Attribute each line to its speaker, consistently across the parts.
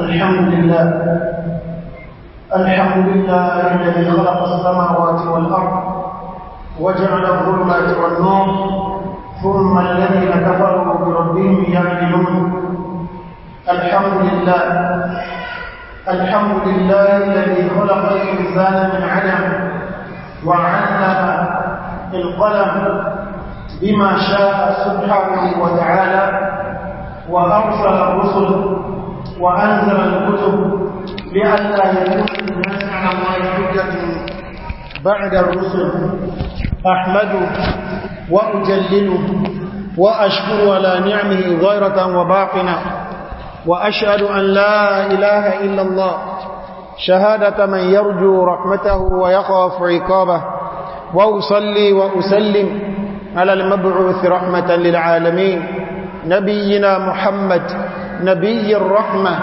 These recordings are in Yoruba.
Speaker 1: الحمد لله الحمد لله الذي خلق السماوات والأرض وجعل الظلمات والنور ثم الذين كفروا بربهم
Speaker 2: يعملون الحمد لله
Speaker 1: الحمد لله الذي خلق الإنسان من علم وعلم القلم بما شاء سبحانه وتعالى وأرسل الرسل وأنزل الكتب لئلا يكون الناس على الله حجة بعد الرسل أحمده وأجلله وأشكر على نعمه غيرة وباقنا وأشهد أن لا إله إلا الله شهادة من يرجو رحمته ويخاف عقابه
Speaker 2: وأصلي وأسلم على المبعوث رحمة للعالمين نبينا محمد نبي الرحمة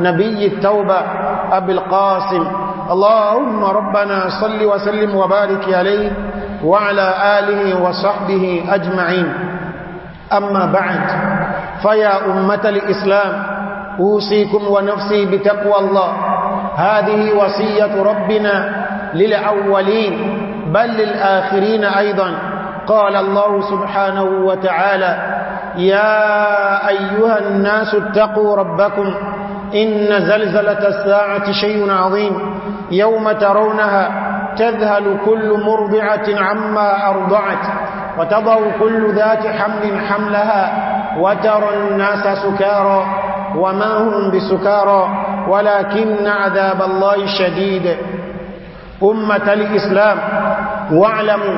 Speaker 2: نبي التوبة أبي القاسم اللهم ربنا صل وسلم وبارك عليه وعلى آله وصحبه أجمعين أما بعد فيا أمة الإسلام أوصيكم ونفسي بتقوى الله هذه وصية ربنا للأولين بل للآخرين أيضا قال الله سبحانه وتعالى يا أيها الناس اتقوا ربكم إن زلزلة الساعة شيء عظيم يوم ترونها تذهل كل مربعة عما أرضعت وتضع كل ذات حمل حملها وترى الناس سكارى وما هم بسكارى ولكن عذاب الله شديد أمة الإسلام واعلموا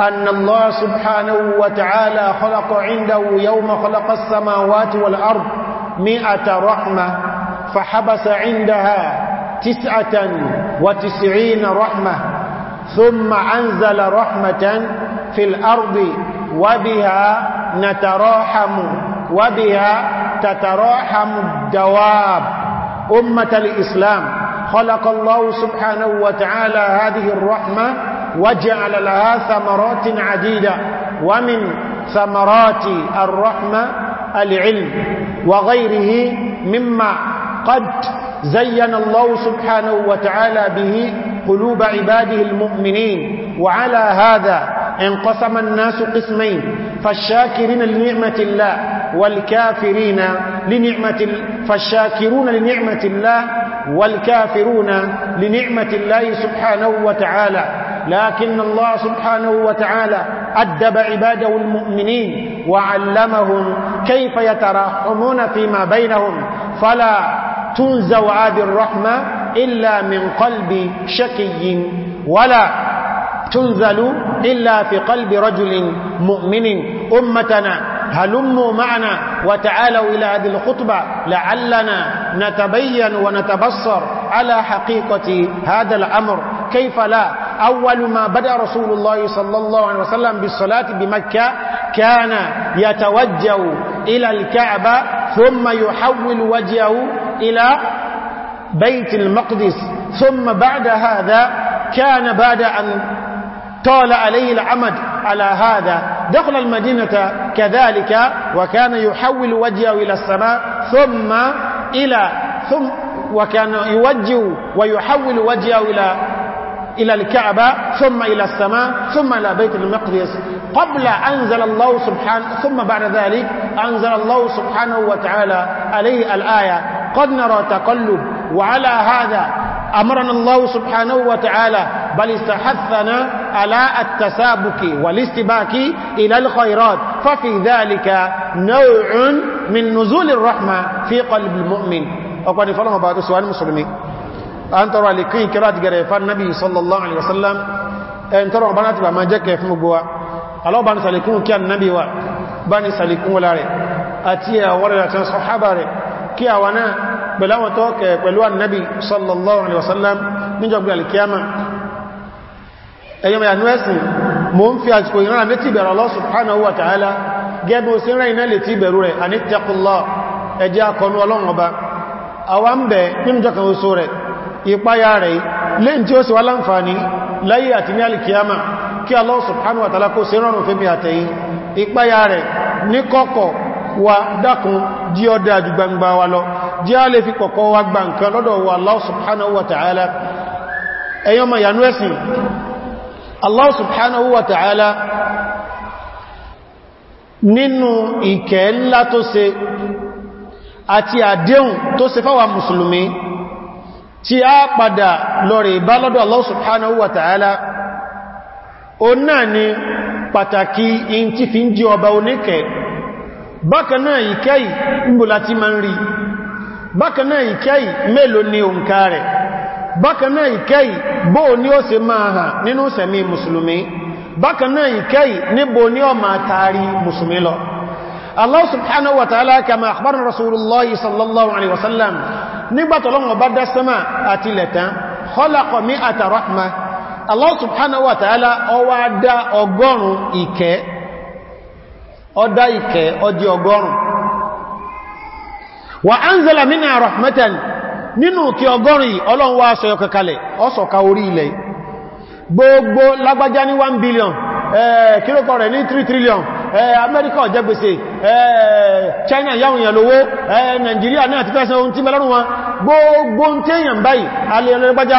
Speaker 2: أن الله سبحانه وتعالى خلق عنده يوم خلق السماوات والأرض مئة رحمة فحبس عندها تسعة وتسعين رحمة ثم أنزل رحمة في الأرض وبها نتراحم وبها تتراحم الدواب أمة الإسلام خلق الله سبحانه وتعالى هذه الرحمة وجعل لها ثمرات عديدة ومن ثمرات الرحمة العلم وغيره مما قد زين الله سبحانه وتعالى به قلوب عباده المؤمنين وعلى هذا انقسم الناس قسمين فالشاكرين لنعمة الله والكافرين لنعمة فالشاكرون لنعمة الله والكافرون لنعمة الله سبحانه وتعالى لكن الله سبحانه وتعالى أدب عباده المؤمنين وعلمهم كيف يتراحمون فيما بينهم فلا تنزو هذه الرحمة إلا من قلب شكي ولا تنزل إلا في قلب رجل مؤمن أمتنا هلموا معنا وتعالوا إلى هذه الخطبة لعلنا نتبين ونتبصر على حقيقة هذا الأمر كيف لا أول ما بدأ رسول الله صلى الله عليه وسلم بالصلاة بمكة كان يتوجه إلى الكعبة ثم يحول وجهه إلى بيت المقدس ثم بعد هذا كان بعد أن طال عليه العمد على هذا دخل المدينة كذلك وكان يحول وجهه إلى السماء ثم إلى ثم وكان يوجه ويحول وجهه إلى إلى الكعبة ثم إلى السماء ثم إلى بيت المقدس قبل أنزل الله سبحانه ثم بعد ذلك أنزل الله سبحانه وتعالى عليه الآية قد نرى تقلب وعلى هذا أمرنا الله سبحانه وتعالى بل استحثنا على التسابك والاستباك إلى الخيرات ففي ذلك نوع من نزول الرحمة في قلب المؤمن أقول فلما بعد سؤال المسلمين أن ترى لكي كرات قريفة النبي صلى الله عليه وسلم أن ترى بنات بما جاك يفمقوا الله بان سليكون كان النبي و بان سالكون لاري أتيا ورلة صحابة كي أولا pẹ̀láwọn tó kẹ pẹ̀lú annabi sallallahu alaihi wasallam níjọgbé alkiyama ẹ̀yọ́mọ̀ yànú ẹ̀sìn mo ń fi àsìkò ìran létí ìbẹ̀rẹ̀ Allah subhanahu wa ta'ala gẹ́bí o sí rẹ̀ iná létí ìbẹ̀rù rẹ̀ a ní tẹ́kùnlọ́ ẹjẹ́ akọnu ọlọ́run ọba àwa ń bẹ̀ níjọ kan oṣù rẹ̀ ìpáyà rẹ̀ lẹ́yìn tí ó sì wá láǹfààní láyé àti ní alìkíyàmà kí jẹ́ a lè fi kọ̀kọ́ wa gba nǹkan lọ́dọ̀ wa Allah subhanahu wa ta'ala ẹ̀yọ́ ma yanu ẹ̀sìn Allah subhanahu wa ta'ala nínú ìkẹ́ ńlá tó ṣe àti àdéhùn tó ṣe fáwà mùsùlùmí tí a padà lọ́rẹ̀ ìbá lọ́dọ̀ Allah subhanahu wa ta'ala o náà ni pàtàkì in ti fi ń jí ọba oníkẹ̀ bákanáà ìkẹ́ yìí ń bò láti máa ń rí bákanáà ìkẹ́ì mélòó ni òǹkà rẹ̀ bákanáà ìkẹ́ì bó ní ó ṣe máa hàn nínú sẹ̀mí musulmi bákanáà ìkẹ́ì níbo ní ó máa taari musulmi lọ Allah subhanahu wa ta'ala kama akhbar rasulullah sallallahu alaihi wasallam nígbà t'Ọlọ́run bá dá sánmà àti ilẹ̀ tán khalaqa mi'ata rahma Allah subhanahu wa ta'ala ó wá dá ọgọ́rùn-ún ìkẹ́ ó dá ìkẹ́ di ọgọ́rùn wa anzala minna rahmatan nínú kí ọgọ́rin ọlọ́run wá aṣọ yọkẹ kalẹ̀ ọsọ̀ka orí ilẹ̀ gbogbo lágbájá ní 1 billion kílòkọ̀ rẹ̀ ní 3 trillion amẹ́ríkà jẹ gbèsè china yáwọn èèyàn lówó nigeria náà ti fẹ́sẹ̀ ohun tí mẹ́lọ́rùn wọn gbogbo ń tẹ́yàn báyìí alẹ́ ọlọ́rẹ́gbájá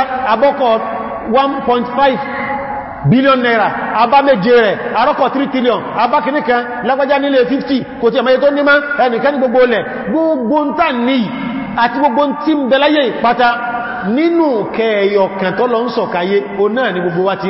Speaker 2: 1.5 billion naira abá méje rẹ̀ arọ́kọ̀ 3 trillion abá kan lágbàjá nílé 50 kò tí ẹ̀mọ̀yẹ ẹnìkan ní gbogbo olẹ̀ gbogbo ń tà ní gbogbo tí ń bẹ̀láyé ìpata nínú kẹyọkàn lọ nsọ o náà ni gbogbo wa ti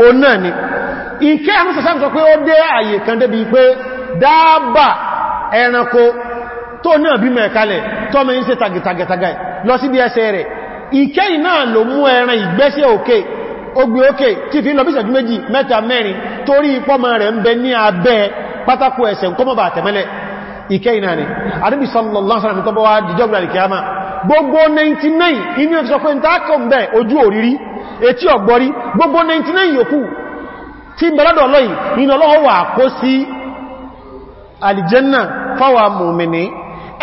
Speaker 2: o náà ni ìkẹ́ àwọn sàṣàm sọ pé ó dé àyè kan débi pé dáàbà ẹranko tó náà bí mẹ́ẹ̀kalẹ̀ tọ́mọ ń ṣe tagitagitaga lọ sí bí ẹsẹ̀ rẹ̀ ìkẹ́ náà ló mú ẹran ìgbésẹ̀ òkè ogbè òkè tí fi lọ bí ìṣẹ́jú méjì mẹ́ta mẹ́rin torí ipọ́mọ rẹ̀ ń bẹ ní gbogbo 99 inú ẹ̀fẹ́ sọ pé ìtàkọ̀ ń bẹ ojú òrírí etí gbogbo 99 yòókù tí bẹ̀lọ́dọ̀ lọ́yìn iná lọ́wọ́ wà fawa sí alìjẹ́nà fáwà mùmìnì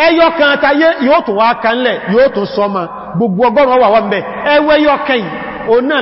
Speaker 2: ẹyọ kan àtayé yóò tó wá kanlẹ̀ sọma gbogbo ọgọ́rùn-ún wà wọ́n bẹ̀ ẹwẹ́ yọ kẹ́yìn òun náà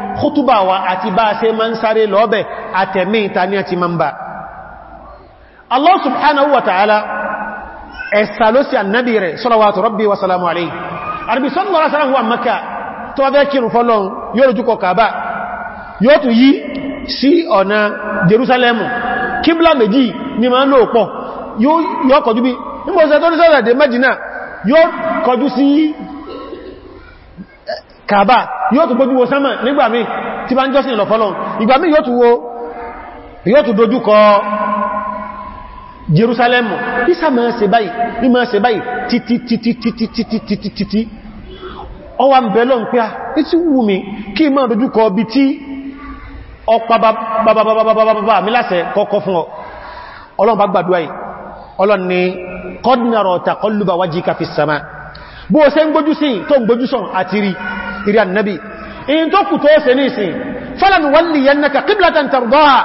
Speaker 2: kútùbà wa àti bá ṣe ma ń sáré lọ́bẹ̀ àtẹ̀mí ìtàní àti ma ń bá Allah subhanahu wa ta'ala ẹ̀sà ló sí annabi rẹ̀ salawatu rabbi wa salamu alayhi arbi sallallahu alaihi wasallam wa Makka tó wáfẹ́ kírù fọ́lọ́n yóò rújú kọ kàbá yóò kàbà yóò tún gbójú wo sánmà nígbà mí tí bá ń jọ́sìn lọ fọ́lọ́n ìgbà mí yóò tún wo yóò tún dojú kọ Jerúsálẹ́mù ìsà máa ṣe báyìí ní máa ṣe báyìí títítítítítítítítítítí ọwà ń bẹ̀lọ ń pẹ́ ní tí wù mí kí máa dojú kọ bí tí ọpa bababababababa mi láṣẹ kọ́kọ́ fún ọ Ọlọ́run bá gbàdúrà yìí Ọlọ́run ni qad nara taqalluba wajhika fis sama bó ṣe ń gbójú sí ìrí annabi in tó kù tó ṣe ní ìsìn falan walliyannaka qiblatan tardaha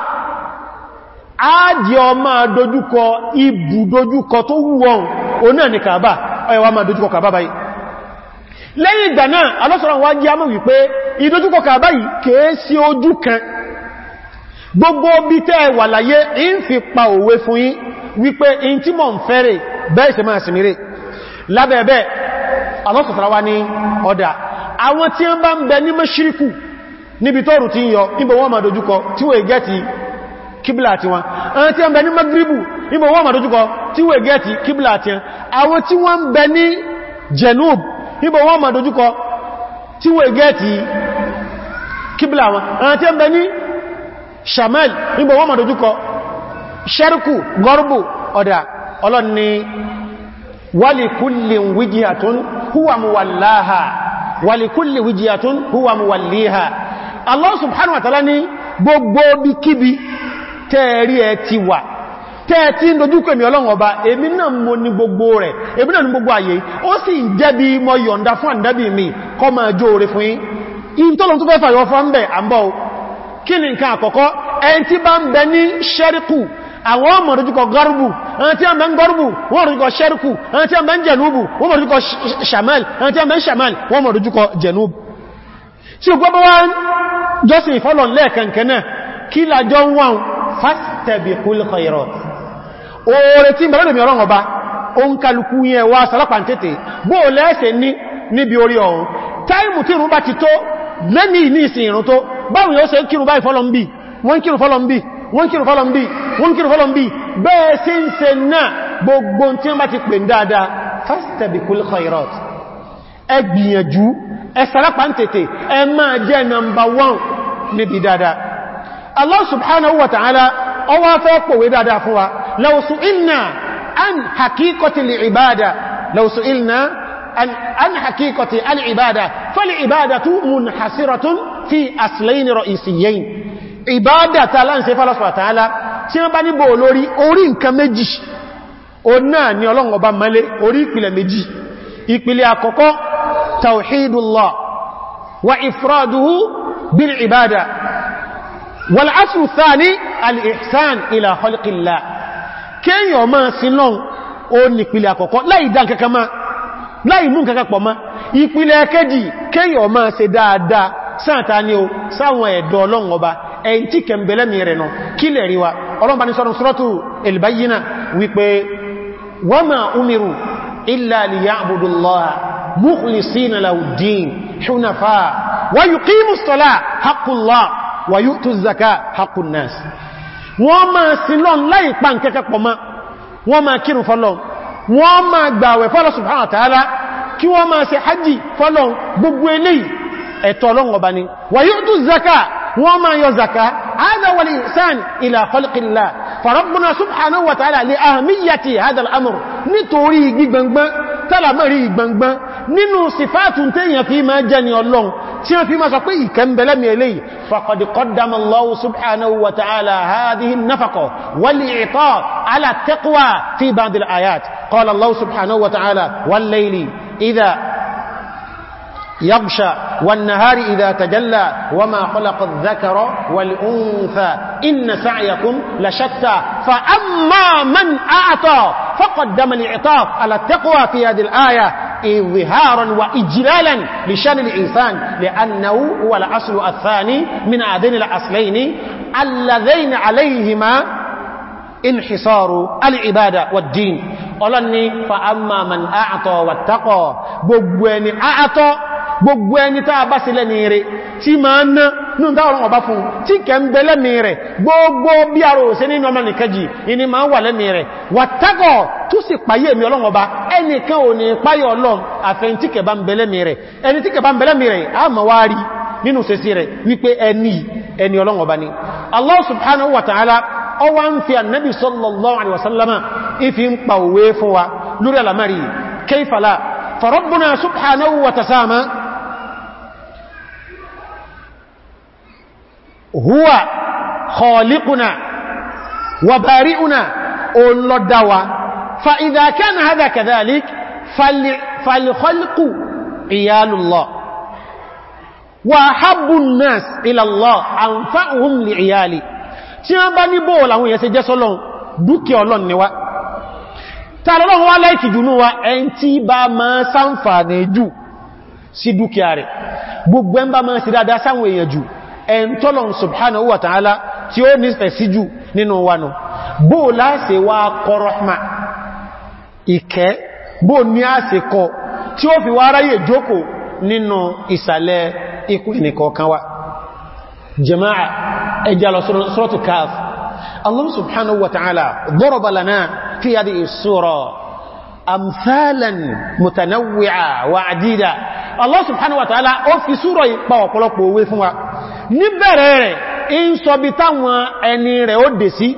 Speaker 2: a jẹ́ ọ máa dojúkọ ibù dojúkọ tó wùwọ́n o náà ni kàbá ọyọ̀wà máa dojúkọ kàbá báyìí lẹ́yìn ìgbà náà alọ́sọ̀rọ̀ wá jẹ́ àmọ́ wípé ìdojúkọ kàbá yìí kèé sí ojú kan gbogbo bí in tí mọ̀ ń fẹ́rẹ̀ bẹ́ẹ̀ ṣe máa sìmírẹ̀ lábẹ̀ẹ́bẹ́ alọ́sọ̀tàrà ní ọ̀dà àwọn tí wọ́n bá ń bẹ ní mẹ́ṣíríkù níbi tọ́rù ti ń yọ níbo wọ́n ma dojúkọ tí wọ́n gẹ́ ti kíbìlà ti wọn àwọn tí wọ́n bẹ ní magribu níbo wọ́n ma dojúkọ tí wọ́n gẹ́ ti kíbìlà ti wọn àwọn tí wọ́n bẹ ní jenub níbo wọ́n ma dojúkọ tí wọ́n gẹ́ ti wọn àwọn tí wọ́n bẹ ní shamal níbo wọ́n ma dojúkọ sharku gorbu ọ̀dà ọlọ́ni wali kullin wàlìkúlì wíjìyàtún húwà mú wàlìíhà Allah subhanahu wa ta'ala ní gbogbo bí kíbi tẹ́ẹ̀rí ẹ ti wà tẹ́ẹ̀tí ń dojúkọ èmì ọlọ́run ọba èmi náà mo ní gbogbo rẹ̀ èmi náà ní gbogbo ayé ó sì ń jẹ́bi mọ yọ̀nda fún àndábì mi kọ máa jó orí kí ni nǹkan àkọ́kọ́ ẹni tí bá ń bẹ ní ṣẹ́ríkù àwọn ọmọ dojúkọ gárùbù àwọn tí a máa ń gọ́rùbù wọ́n mọ̀rújúkọ ṣẹ́rùkù àwọn tí a máa ń jẹ̀núbù wọ́n mọ̀rújúkọ ṣàmàl àwọn tí a máa ń ṣàmàl wọ́n mọ̀rújúkọ jẹ̀núbù tí ó gbọ́bọ́ wá jọ́sìn ìfọ́lọ̀n lẹ́ẹ̀kankanáà kí lájọ́ ń wọ́n fastabiqul khairat oore tí bẹ̀rẹ̀ mi ọ̀rọ̀ ọba o ń kalukú yẹn wá sọ́lọ́pàá tètè bó lẹ́ẹ̀ṣẹ̀ ní níbi orí ọ̀run táìmù wọ́n kírù fọ́lọ̀n bí wọ́n kírù fọ́lọ̀n bí bẹ́ẹ̀ sí ń se náà gbogbo tí wọ́n bá ti pè dáadáa fastabiqul khairat ẹ gbìyànjú ẹ sàrápà ń tètè ẹ máa jẹ́ nàmbà wọ́n níbi dáadáa Allah subhanahu wa ta'ala ọwá fẹ́ pòwé dáadáa fún wa law su'ilna an haqiqati al-ibada law su'ilna an haqiqati al-ibada fal-ibadatu munhasiratun fi aslayn ra'isiyyayn ìbádàtà aláìsẹ́ fàlọ́sọ̀tàálá tí wọ́n bá níbò olórí orí nǹkan méjì o náà ni ọlọ́run ọba mẹ́lẹ̀ orí ìpìlẹ̀ méjì ìpìlẹ̀ àkọ́kọ́ tawhidullah wa ifraduhu bil ibada wal aslu thani al ihsan ila khalqillah kéèyàn máa sin lọ́n o ní ìpìlẹ̀ àkọ́kọ́ láì dá nǹkan kan mọ́ máa ṣe dáadáa sáàtà ni o sáwọn ẹ̀dọ́ ọlọ́run ọba ẹn tí kẹmbẹ̀lẹ́mì rẹ̀ nù kí lẹ̀ ríwa ọlọ́mbà ní sọ́rọ̀ sọ́rọ̀tù ìlbáyínà wípé wa ma umiru illa liya'budullaha mukhlisina lahu-d-din hunafa wa yuqimus-salata haqqullah wa yu'tuz-zakata haqqun-nas wọ́n máa sílọ́n láì pa nkẹ́kẹ́ pọ̀ ma wọ́n máa kírun fọ́lọ́n wọ́n máa gbàwẹ̀ fọ́lọ́ kí wọ́n máa ṣe hajji fọ́lọ́n gbogbo eléyìí ẹ̀tọ́ ọlọ́ngọba ni wa yu'tuz-zakata وما يزكى هذا هو الإنسان إلى خلق الله فربنا سبحانه وتعالى لأهمية هذا الأمر نتوري جبنبا تلمري جبنبا ننو صفات تنية فيما جاني الله تنيا فيما سقوي كم بلم يلي فقد قدم الله سبحانه وتعالى هذه النفقة والإعطاء على التقوى في بعض الآيات قال الله سبحانه وتعالى والليل إذا يغشى والنهار إذا تجلى وما خلق الذكر والأنثى إن سعيكم لشتى فأما من أعطى فقدم الإعطاء على التقوى في هذه الآية إظهارا وإجلالا لشان الإنسان لأنه هو الأصل الثاني من هذين الأصلين اللذين عليهما انحصار العبادة والدين قال أني فأما من أعطى wàtàkọ̀ gbogbo أعطى gbogbo ẹni tàà bá sílẹ̀ ní rẹ̀ tí ma ń ná ní ìdáwọn ọba fún tí kẹ ń bẹ lẹ́mì rẹ̀ gbogbo bí ara òsẹ nínú ọmọ nìkẹjì ìní ma ń wà lẹ́mì rẹ̀ wàtágọ̀ tó sì pàyé mi ọlọ́run ọba ẹnìkan ò ní páyọ̀ ọlọ́run àfẹ́ tí kẹ bá ń bẹ lẹ́mì rẹ̀ ẹni tí kẹ bá ń bẹ lẹ́mì rẹ̀ a ma wá rí nínú sẹsí rẹ̀ wa ta'ala huwa khaliquna wa bari'una olọ́dáwa fa idha kana hadha kadhalik falkhalqu iyalullah wa habbu an-nas ila Allah anfa'uhum li iyali tí wọ́n bá ní bóòlù àwọn èèyàn ṣe jẹ́ sọ́lọ́n dúkìá ọlọ́n ni wá tààlọ́wọ́ wá láìkì jùnú wa ẹn tí bá máa sáǹfà ní jù sí dúkìá rẹ̀ gbogbo ẹn bá máa sí dáadáa sáwọn èèyàn jù ẹ̀ntọ́lọ̀n subhanahu wa ta'ala tí ó ní ẹ̀síjú nínú wánú bó láṣe wá kọrọ̀hma ìkẹ́ bó ní àṣẹ kọ tí ó fi wá ráyè jókò nínú ìsàlẹ̀ ikú ìnìkọ̀ọ̀kan wa jama'a ẹjà lọ suratul Kahf Allah subhanahu wa ta'ala daraba lana fi hadhihi as-sura ó fi súrọ̀ ìpa ọ̀pọ̀lọpọ̀ òwe fún wa níbẹ̀rẹ̀ rẹ̀ in sọ bí táwọn ẹni rẹ̀ ó dé sí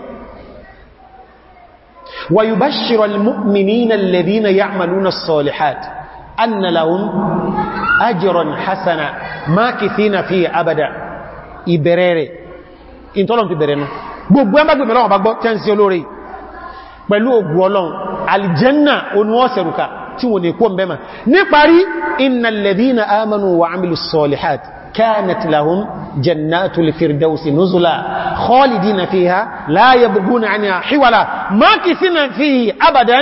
Speaker 2: wa yubashshiru al-mu'minina alladhina ya'maluna as-salihat anna lahum ajran hasana makithina fi abada ìbẹ̀rẹ̀ rẹ̀ in tọ́lọ̀ fi bẹ̀rẹ̀ náà gbogbo ẹgbẹ́ gbẹ̀mẹ̀ lọ́wọ́ bá gbọ́ tẹ́ ń sí tí wọ́n lè kó mẹ́mà níparí innal ladhina amanu wa 'amilus salihati كانت لهم جنات الفردوس نزلا خالدين فيها لا يبغون عنها حولا كثنا فيه أبدا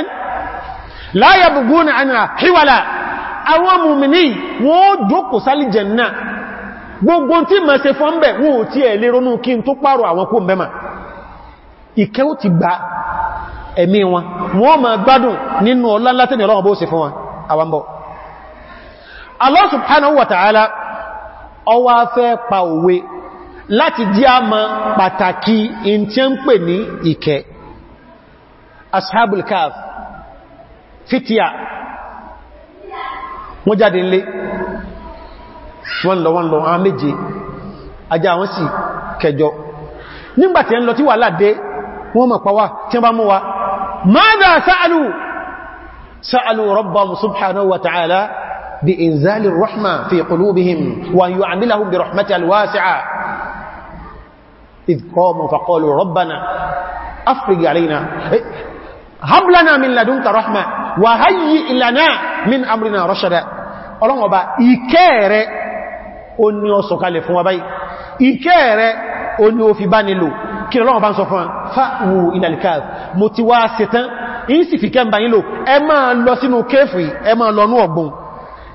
Speaker 2: لا يبغون عنها حولا àwọn mùmìnì wọ́n jókòó sálì jẹ̀nà gbogbo tí ma ṣe fọ́n bẹ̀ wọ́n ò tí ẹ̀ lè ronú kí n tó pààrọ̀ àwọn kó mẹ́mà ìkẹ́ ò ti gba ẹ̀mí wọn wọ́n ma gbádùn nínú ọlá látẹ́ni ọlọ́run bó ṣe fún wọn àwambọ̀ Allah subhanahu wa ta'ala ọwá fẹ́ pa òwe láti dí a mọ̀ pàtàkì in tí ń pè ní ìkẹ́ ashabul kaf fitia wọ́n jáde nlé wọ́n lọ wọ́n lọ àwọn méje ajá wọ́n sì kẹjọ nígbàtí ẹ ń lọ tí wà láàdé wọ́n mọ̀ pàwà tí wọ́n bá mú wa mada sa'alu sa'alu rabbamu subhanahu wa ta'ala بإنزال الرحمة في قلوبهم وأن يعملهم برحمة الواسعة إذ قاموا فقالوا ربنا أفرج علينا هب لنا من لدنك رحمة وهيئ لنا من أمرنا رشدا أولاً وبا إكارة أني أصدقى لفهم وبا إكارة أني أفباني له كي الله أبان صفان فأو إلى الكاذ متواسطا إنسي في كان بانيلو أما اللو سنو كيفي أما اللو نوبون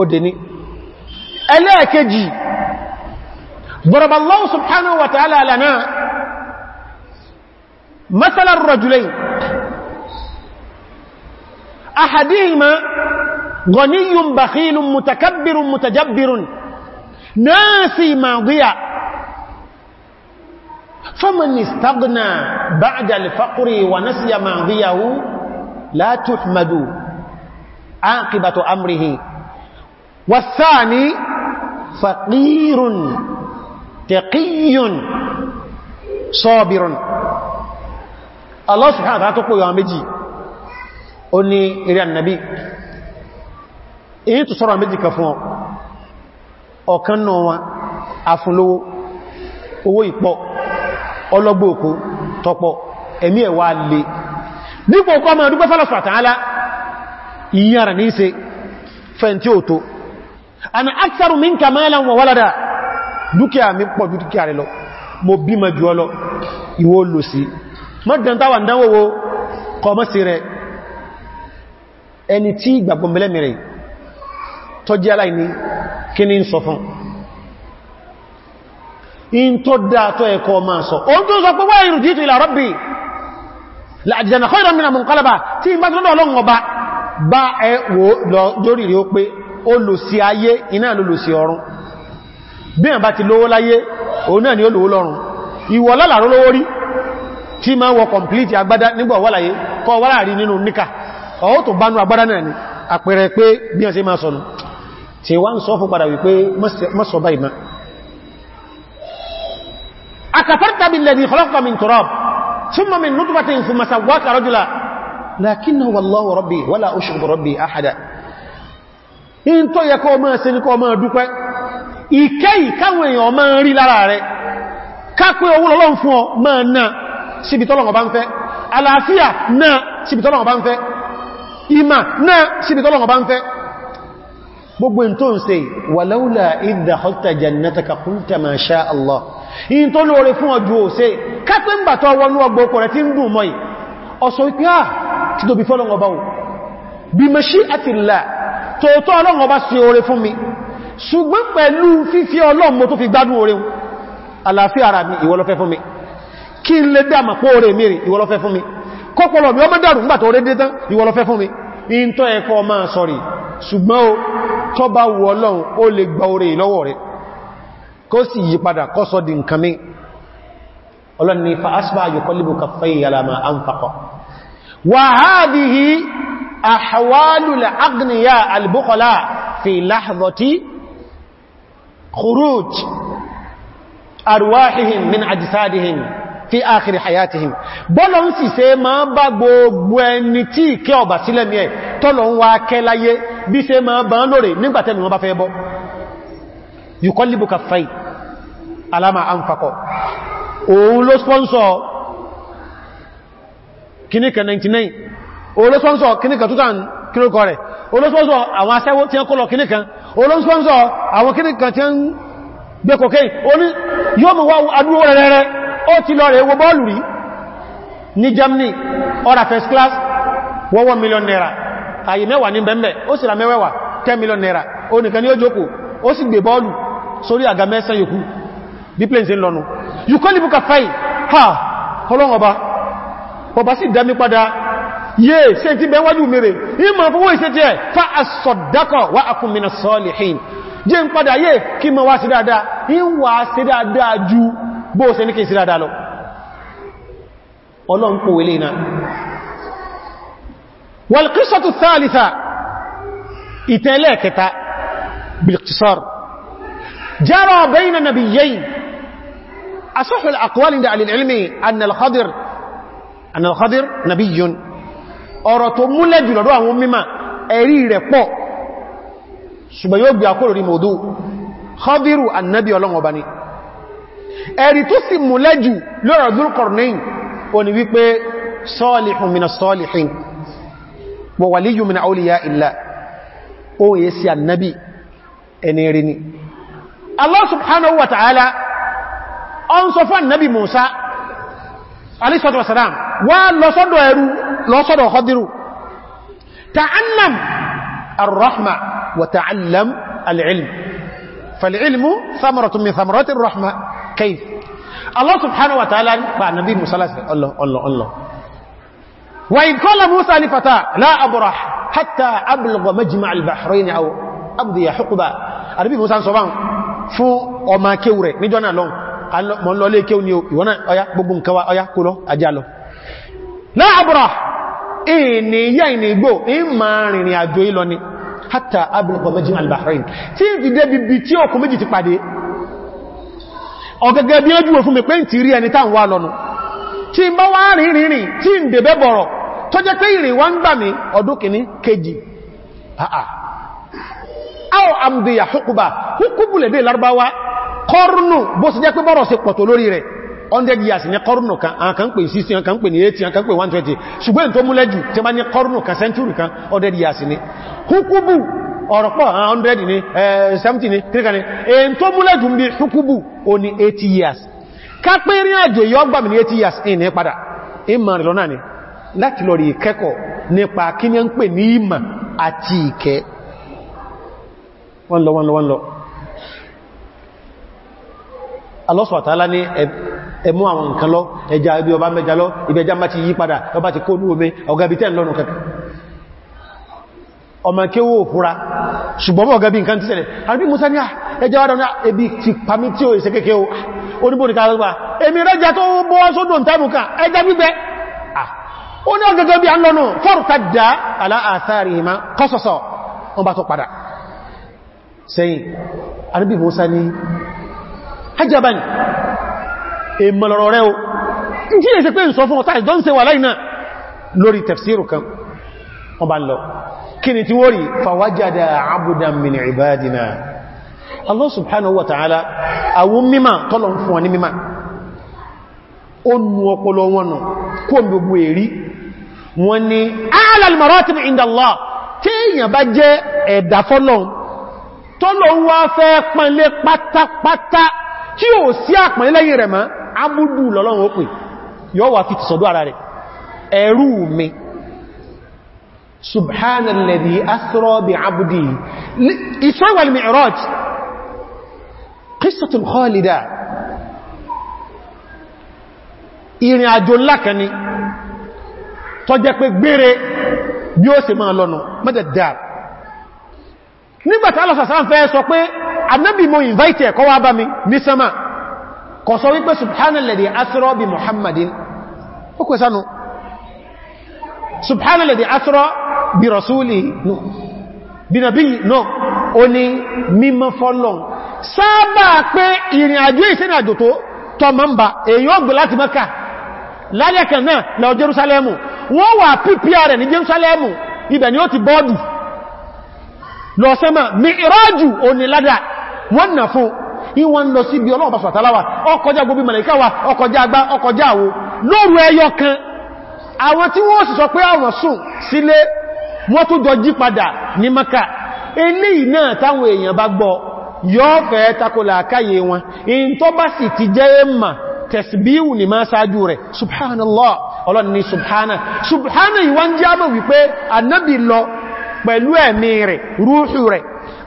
Speaker 2: òdìní ẹlẹ́ẹ̀kejì bọ̀rọ̀bàlọ́wù subhanahu wa ta'ala lana mathalar rajulayn ahadihima ghaniyun bakhilun mutakabbirun mutajabbirun nasi madiya faman istaghna ba'da al-faqri wa nasiya madiyahu la tuhmadu aqibatu amrihi والثاني فقير تقي صابر الله سبحانه وتعالى تقول يا مجي oni iri annabi èyí tó sọ́rọ̀ méjì kan fún ọ ọ̀kan náà wọn afúnlówó owó ìpọ̀ ọlọ́gbò òkú tọpọ̀ ẹ̀mí ẹ̀wà lè dípò kọ́ mọ̀ dúpẹ́ fọ́lọ̀sọ̀ àtàálá ìyára ní í ṣe fẹ́ntí òtó ana aksaru minka malan wa walada dúkìá mi pọ̀ dúkìá rẹ lọ mo bí ma jù ọ lọ ìwọ lò sí mọ́dán táwà dánwòwò kọmọ́sí rẹ ẹni tí ìgbàgbọ́n mẹ́lẹ́mẹ́rẹ̀ tó jẹ́ aláìní la ajidana khayran mina munqalaba tí ìgbàgbọ́n ọlọ́run ọba bá ẹwò lọ lórí rí ó pé ó lò sí ayé iná ló lò sí ọ̀run bí ẹ̀n bá ti lówó láyé òun náà ni ó lòó lọ́run ìwọ̀ lálàró lówó rí tí máa wọ kọ̀mplìtì agbádá nígbà wà láyé kọ wà láàrin nínú níkà ọ̀họ́ tó bánú agbádá náà ni àpẹẹrẹ pé bí ẹ̀n sí máa sọnù tí wá ń sọ fún padà wípé mọ́sọ̀ báyìí má akafarta billadhi khalaqaka min turab لكنه والله ربي ولا أشعر بربي أحدا in tó yẹ kó máa ṣe ní kó máa dúpẹ́ ìkẹ́yì káwọn èèyàn máa rí lára rẹ̀ kápẹ́ owó lọ́lọ́n fún ọ máa náà síbi tọ́lọ̀wọ̀ bá ń fẹ́ àlàáfíà náà síbi tọ́lọ̀wọ̀ bá ń fẹ́ ìmà náà síbi tọ́lọ̀wọ̀ bá ń fẹ́ gbogbo in tó ń ṣe wàláúlà ìdà họ́ta jannataka kúnta ma sha Allah in tó lóore fún ọjọ́ òṣe kápẹ́ wọnú ọgbọ̀ rẹ̀ tí ń dùn mọ́ ọ̀sọ̀ ìpíà tóbi fọ́lọ́n ọba wọn bí mẹ́ṣí àtìlá tòótọ́ ọlọ́run ọba sí oore fún mi ṣùgbọ́n pẹ̀lú fífí ọlọ́mọ tó fi gbádùn oore wọn àlàáfíà ara mi ìwọ ló fẹ́ fún mi kí n lè dáàmà pọ́ oore mi ìwọ ló fẹ́ fún mi kọ́pọ̀lọ̀ mi ọmọ dàrú nígbà tó rẹ́ dé tán ìwọ ló fẹ́ fún mi in tó ẹ̀kọ́ máa sọ̀rì ṣùgbọ́n o tó bá wù ọlọ́run ó lè gba oore ìlọ́wọ́ rẹ̀ kó sì yí padà kó sọ di nǹkan mi ọlọ́ni fa asba yóò kọ́líbù kàfẹ́ ma an وهذه أحوال الأغنياء البخلاء في لحظة خروج أرواحهم من أجسادهم في آخر حياتهم bọ́lọ̀ ń sì ṣe máa bá gbogbo ẹni tí ìkẹ́ ọ̀bà sílẹ̀mí ẹ̀ tọ́lọ̀ ń wá kẹ́ láyé bí ṣe máa bá ń lórí nígbàtẹ́lù wọn bá fẹ́ bọ́ yùkọ́lìbùkà fàí aláma àǹfàkọ̀ òun ló spọ́nsọ̀ kìníkà 99 olóṣọ́nsọ̀ kìníkà 2000 kìlókọ rẹ̀ olóṣọ́nsọ̀ àwọn aṣẹ́wó tí ó kọ́lọ̀ kìníkà olóṣọ́nsọ̀ àwọn kìníkà tí ó ń gbé kòkè oní yóò mú wá adúró rẹ̀rẹ̀ ó ti lọ rẹ̀ wo bọ́ọ̀lù rí ní Germany ọ̀rà first class wọ́n 1 million naira àyè mẹ́wàá ní bẹ́m̀bẹ̀ ó sì ra mẹ́wẹ́wàá 10 million naira ó nìkan ni ó jókòó ó sì gbé bọ́ọ̀lù sórí àga mẹ́sàn yòókù bí plane ṣe ń lọ́nu yùkọ́ lè búkà fáì ha ọlọ́run ọba ọba sì dámi padà yé ṣe ti bẹ wájú mẹ́rẹ̀ ma fún wọ́n ìṣẹ́ ti ẹ̀ fa as wa akun mina salihin jẹ́ ń padà yé kí ma wá sí dáadáa in wá sí dáadáa ju bó ṣe ní kí sí dáadáa lọ ọlọ́n pò wílé náà wal qissatu thalitha ìtẹ́lẹ̀ kẹta bil-ikhtisar jara bayna nabiyyayn asahhu al-aqwal inda al-ilmi anna al-Khadir أن الخضر نبي ọ̀rọ̀ tó múlẹ̀ jùlọ lọ́dọ̀ àwọn mímọ̀ ẹ̀rí rẹ̀ pọ̀ ṣùgbọ́n yóò gbé àkóró rí mọ̀dó Khadiru annabi ọlọ́wọ̀ bá ní ẹ̀rí tó sì múlẹ̀ jù lọ́rọ̀ Dhul-Qarnayn ó ní wípé salihun mina salihin wa عليه الصلاة والسلام ولصدوا يرو لصدوا خضروا تعلم الرحمة وتعلم العلم فالعلم ثمرة من ثمرات الرحمة كيف الله سبحانه وتعالى مع النبي موسى الله الله الله وإن قال موسى لفتاة لا أبرح حتى أبلغ مجمع البحرين أو أبضي حقبة النبي موسى سبحانه فو وما كوري ميدونا لون mọ́ lọ lé kéwú ní ìwọ́nà ọya gbogbo nǹkan wa ọya kó lọ ajá lọ láàbùrà ìníyà ìnígbò ìmà rìnrìn àjò ìlọ ni hátà abúrúkọ méjì al-Bahrain tí ń fi débi bí tí òkú méjì ti pàdé ọ̀gẹ́gẹ́ bí ó júwò fún mi pé ń ti rí ẹni táwọn wà lọ́nu tí ń bá wá rìnrìn tí ń hukuba hukubu lè dé lárúbáwá kọrùnù bó sì jẹ́ pé bọ́rọ̀ sí pọ̀tò lórí rẹ̀ 100 years ní kọrùnù kan àwọn kan pè 60 kan pè ní 80 kan pè 120 ṣùgbọ́n tó múlẹ̀ jù tí ma ní kọrùnù kan century kan 100 years ní hukubu ọ̀rọ̀ pọ̀ 100 ní 70 ní kíríkà ní èyí tó múlẹ̀ jù bí hukubu o ní 80 years ká pé rí àjò yọ gbà mí ní 80 years in ní padà ìmọ̀ rẹ̀ lọ́nà ni láti lọ rí ìkẹ́kọ̀ọ́ nípa kí ní ń pè ní ìmọ̀ àti ìkẹ́ wọ́n lọ wọ́n lọ wọ́n lọ Allah subhanahu wa ta'ala ní ẹmú àwọn nǹkan lọ ẹja ibi ọba mẹja lọ ibi ẹja máa ti yí padà ọba ti kó ní omi ọ̀gá ibi tẹ́ẹ̀ lọ́nà kẹta ọmọ kéwò òfúra ṣùgbọ́n ọ̀gá bí nǹkan ti ṣẹlẹ̀ àbí Musa ní ẹja wádọ̀ ní ẹbí ti pàmí tí ó ìṣẹ́ kéèkéé oníbòníkà lọ́gbà èmì rẹ́jà tó bọ́ sódò ajaban èmọ̀lọ̀rọ̀ rẹ̀ o tí lè ṣe pé ń sọ fún ọ̀tá ìdọ́n se wà láìna lórí tafsiru kan ọba lọ kí ni tí wó rí fàwájádà abúdán min ibadina Allah subhanahu wa ta'ala àwọn mímá tọ́lọ̀ fún wọn ní mímá ó nu ọpọlọ wá fẹ́ pánlé pátápátá tí ó sí àpọ̀ lẹ́yìn rẹ̀ mọ́ abúdú lọ́lọ́run ó pè yóò wà fi ti sọ̀dọ̀ ara rẹ̀ ẹ̀rù mi subhanalladhi asra bi abdi isra wal mi'raj qissatun khalida ìrìn àjò ńlá kan annabi mo invite ẹ̀ kọ́ wá bá mi ní sama kọ̀ sọ wípé subhanalladhi asra bi muhammadin ó kò sánú subhanalladhi asra bi rasuli no bi nabi no o ni mímọ́ fọ́lọ̀ sábà pé ìrìn àjò ìsẹ́nà àjò tó tọ́ ma ń ba èyàn ọgbẹ̀ láti maka lálẹ́kẹ̀ náà lọ jerusalemu wọ́n jerusalemu ibẹ̀ ni ó ti bọ́ọ̀dù lọ sẹ́mà mi ìrọ́jù oníládà wọ́n nà fún ìwọ̀n lọ sí ibi ọlọ́run bá sọ̀tàláwà ọkọjá gbogbo mẹ̀lẹ̀ká wa ọkọjá agbá ọkọjá àwò lóòrù ẹyọ kan àwọn tí wọ́n sì sọ pé àwọn sùn sílé wọ́n tó jọ jí padà ní maka eléyìí náà táwọn èèyàn bá gbọ́ yóò fẹ́ takola àkáyé wọn in tó bá sì ti jẹ́ ẹ̀mà tẹ̀sìbíhù ní máa sáájú rẹ̀ subhanallah ọlọ́run ni subhana subhana ìwọ́n jábọ̀ wípé annabi lọ pẹ̀lú ẹ̀mí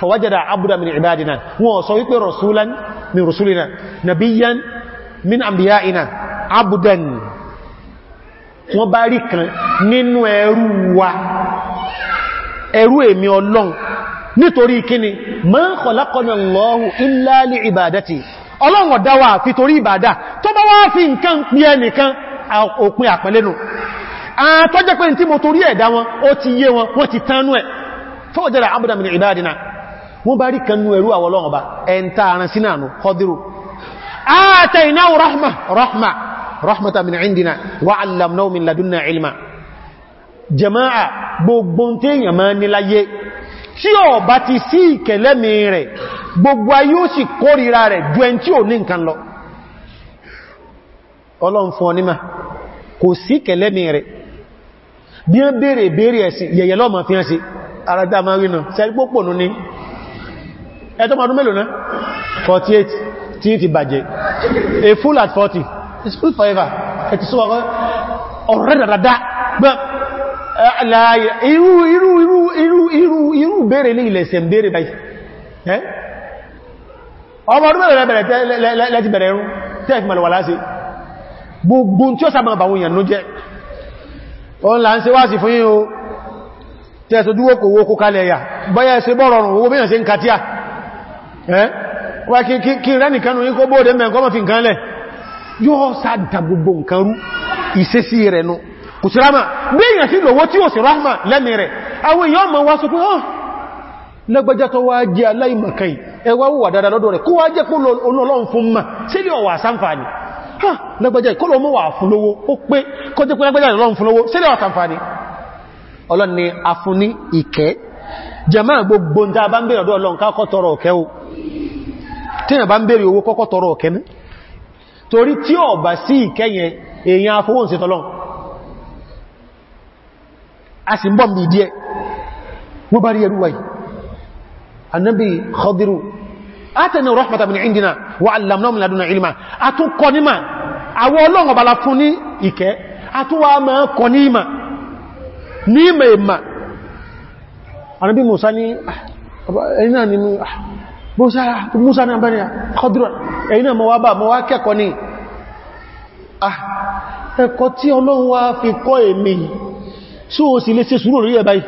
Speaker 2: فوجد عبدا من عبادنا وصويت رسولا من رسولنا نبيا من أنبيائنا عبدا wọ́n bá rí kan nínú ẹrú wa ẹrú èmi ọlọ́run nítorí kíni ma khalaqana Allahu illa li ibadati ọlọ́run ọ̀dáwà fi torí ìbàdá tó bá wá fi nǹkan pí ẹnìkan òpin àpẹẹlẹ́nu àtọ́jẹ́ pé tí mo torí ẹ̀dá wọn ó ti yé wọn wọ́n ti tánú ẹ̀ fọ́jẹ́rẹ̀ abúdàmìnì ìbádìna wọ́n bá rí kanú ẹrú àwọn ọlọ́run bá ẹ̀ntà àrán sínú kọdírò آتيناه رحمة رحمة رحمة من عندنا وعلمناه من لدنا علما جماعة gbogbo tí èyàn máa ní láyé tí ó bá ti sí ìkẹlẹ́mì rẹ̀ gbogbo ayé ó sì kórìíra rẹ̀ ju ẹn tí ò ní nǹkan lọ ọlọ́run ẹ̀tọ́ ọdún mélòó náà 48 tí ti bàjẹ́ a full at 40 It's full forever ẹ̀tì sọ ọ̀rẹ́ dàdàdà gbọ́n irú irú irú irú irú irú bèèrè ní ilẹ̀ sẹ̀m bèèrè báyìí ọmọ ọdún mélòó bẹ̀rẹ̀ lẹ́ti bẹ̀rẹ̀ ẹ̀rún tẹ́ẹ̀kì mọ̀lọ̀wà láti gbogbo tí ó sábà bàwọn èèyàn ló jẹ́ òun là ń ṣe wáàsí fún yín o tẹ́ẹ̀sọ́dúwó kò wó kó Eh? kí rẹ́ nìkan ní kó bóòdé mẹ́ kọ́mọ̀ fi nǹkan lẹ̀ yóò sáàdìta gbogbo nǹkan rú ìṣesí rẹ̀ nù kò sí ráhmà bí èyàn sí lòwó tí ò sí ráhmà lẹ́mì rẹ̀ àwọn èèyàn mọ̀ wá sọ pé ọ́n lẹ́gbẹ́jẹ́ tó wá jẹ́ aláìmọ̀kan ẹwà wùwà dada lọ́dọ̀ rẹ̀ kó wá jẹ́ kó lọ́lọ́run fún mà sí lè ọ̀wà tíyàn bá ń bèèrè owó kọ́kọ́ tọrọ ọ̀kẹ́ ní torí tí ọ bá sí ìkẹyẹ èèyàn afọwọ́n sí tọ́lọ́n a sì ń bọ́ mìí díẹ̀ wọ́n bá rí ẹrú wáyìí annabi khadiru atana rahmatan min indina wa allamnahu min ladunna ilma Musa náà bẹ́rẹ̀ kọdúrà ẹ̀yìn náà mọ́wá bá mọ́wá kẹ́kọ́ ní ah, ẹ̀kọ́ tí Ọlọ́run wá fi kọ́ èmì tí ó sì lè ṣe sùúrù rí ẹ̀báyìí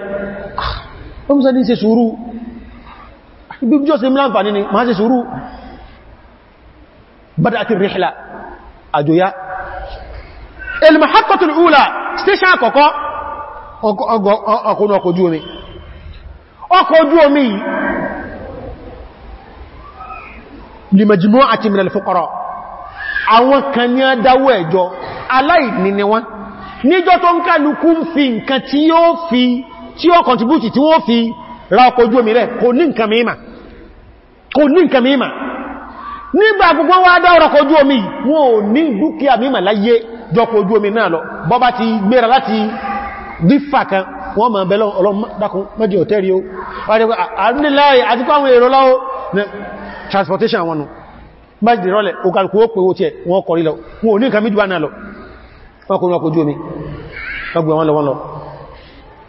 Speaker 2: ah, ó Musa ní ṣe sùúrù ah, ibi jọ́ sí mílá nfàní ni máa ṣe ọkọ̀ ojú omi ọkọ̀ ojú omi limajmu'ati min al-fuqara àwọn kan ní adáwó ẹ̀jọ aláìní ni wọ́n níjọ́ tó ń kálukú ń fi nǹkan tí ó fi tí ó kọntibútì tí wọ́n fi ra ọkọ̀ ojú omi rẹ̀ kò ní nǹkan mímà kò ní nǹkan mímà nígbà gbogbo wá dá ọkọ̀ ojú omi wọn ò ní dúkìá mímà láyé jọkọ̀ ojú omi náà lọ bọ́bá ti gbéra láti dífà kan wọ́n ma bẹ̀lọ́ ọlọ́mọ́dákun mẹ́jì òtẹ́rí ó transportation wọn nù bá jìdì rọ́lẹ̀ òkàlùkù ó pè ó tí ẹ̀ wọ́n kọrí lọ wọn ò ní nǹkan mídíwá náà lọ wọ́n kò ní ọkọ̀ ojú omi lọ́gbẹ̀ wọn lọ wọn lọ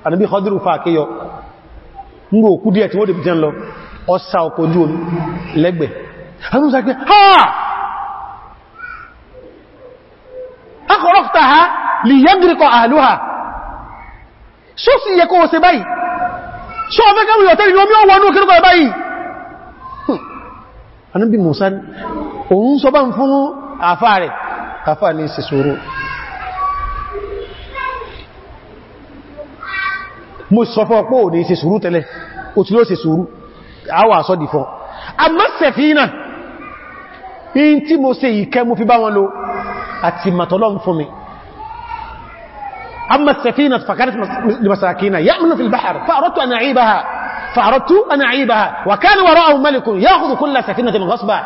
Speaker 2: àdúbí Khadiru fa àkéyọ ń gbò òkú díẹ̀ tí wọ́n dẹ̀ bìtẹ́ lọ ọsá ọkọ̀ ojú omi lẹ́gbẹ̀ ṣọ́ọ̀fẹ́ káwí ọ̀tẹ́rì ni omi ọwọ́ anábì Musa òun sọ bá ń fún àfá rẹ̀ àfá ní ìsìsòrò mo sọ fún ọpọ̀ ní ìsìsòrò tẹ́lẹ̀ o tí ló ìsìsòrò àwà sọ dì fún àmọ́ sẹ̀fínà in tí mo ṣe ìkẹ́ mo fi bá wọn lo àti màtọ́lọ́n fún mi أما السفينة فكانت لمساكين يأمن في البحر فأردت أن أعيبها فأردت أن أعيبها وكان وراءه ملك يأخذ كل سفينة غصبا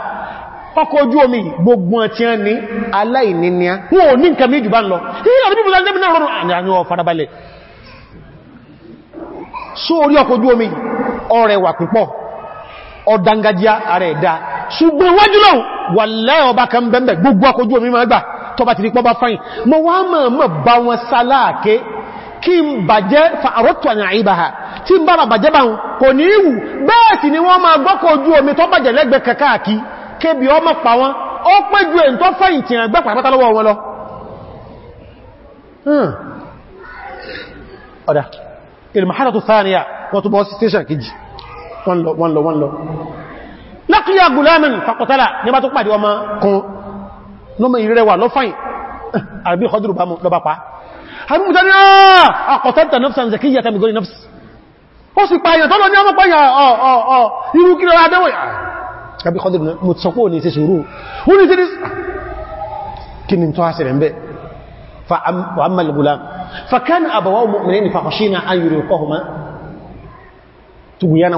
Speaker 2: ọkọ̀ ojú omi gbogbo ọ̀tí ẹ́ ní aláìní ní á wọ́n ò ní nǹkan méjì bá ń lọ ìrìnà bí bùzá lẹ́bìnà rọrùn àyàní ọ farabalẹ̀ só orí ọkọ̀ ojú omi ọ̀rẹ́ wà púpọ̀ ọ̀dangajá ààrẹ ẹ̀dá ṣùgbọ́n wájú lọ wà lẹ́ọ̀ bá kan bẹ́m̀bẹ̀ gbogbo ọkọ̀ ojú omi máa gbà tọba ti rí pọ́ bá fáyìn mọ́ wá mọ̀ bá wọn sáláàké kí n bàjẹ́ fa àrọ́tọ̀ àyà ìbáha tí ń bára bàjẹ́ bá wọn kò ní ìwù bẹ́ẹ̀ sì ni wọ́n máa gbọ́kọ̀ ojú omi tó bàjẹ́ lẹ́gbẹ̀ẹ́ kàkàkì kébì ọmọ pa wọn ó pẹ́ ju èyí tó fẹ́yìntì rẹ̀ gbẹ́ pàtàkì lọ́wọ́ wọn lọ ọ̀dá ìlmàhádà tó sáàríyà wọ́n tó bọ́ sí station kejì wọ́n lọ wọ́n lọ wọ́n lọ lákíyà gùlámin fàkọtàlà ní bá tó pàdé ọmọ kan lọ́mọ ìrẹwà lọ́fàìn ó sì pààyàn tọ́lọ ní ọmọ pààyàn ọ̀ọ̀ọ̀ irú kí lọ́wọ́ adẹ́wọ̀ kọ́ kọ́dẹ̀ mo ti sọpọ̀ ní ìṣẹ́sùrú ó ní tẹ́lẹ̀ kí ni tó hásẹ̀rẹ̀ ni to asere bẹ́ fa'ammalgula fakan abawa mu'minin fakashina an yuri kọhuma tuguyana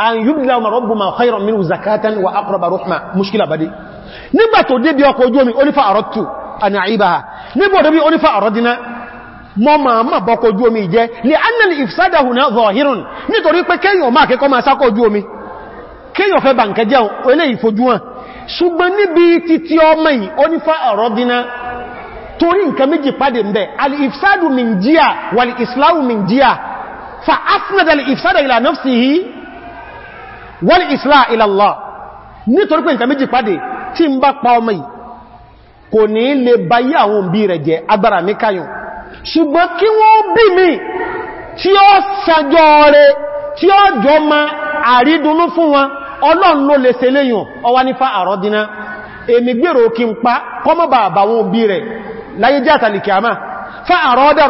Speaker 2: an yubla ma rabbu ma khayran minhu zakatan wa aqrab rahma mushkila badi nígbà tó dé bí ọkọ̀ ojú omi onífà àrọ́tù àníàíbà nígbà tó bí onífà àrọ́dínà mọ́ ma ma bọ́kọ̀ ojú omi jẹ́ lè annal ifsadahu zọ̀hírùn nítorí pé kéyàn fa asnada al ifsada ila nafsihi wal israel ila Allah nítorí pé nǹkan méjì pàdé tí ń bá pa ọmọ yìí kò ní lè báyé àwọn òbí rẹ̀ agbára mi káyùn ṣùgbọ́n kí wọ́n bí mi tí ó sàjọ rẹ̀ tí ó jọ ma àrídúnú fún wọn ọlọ́run ló lè seléyùn ọwá nífà àrọ́dínà èmi gbèrò kí ń pa òbí rẹ̀ láyé jẹ́ àtàlìkì àmà àrọ́dà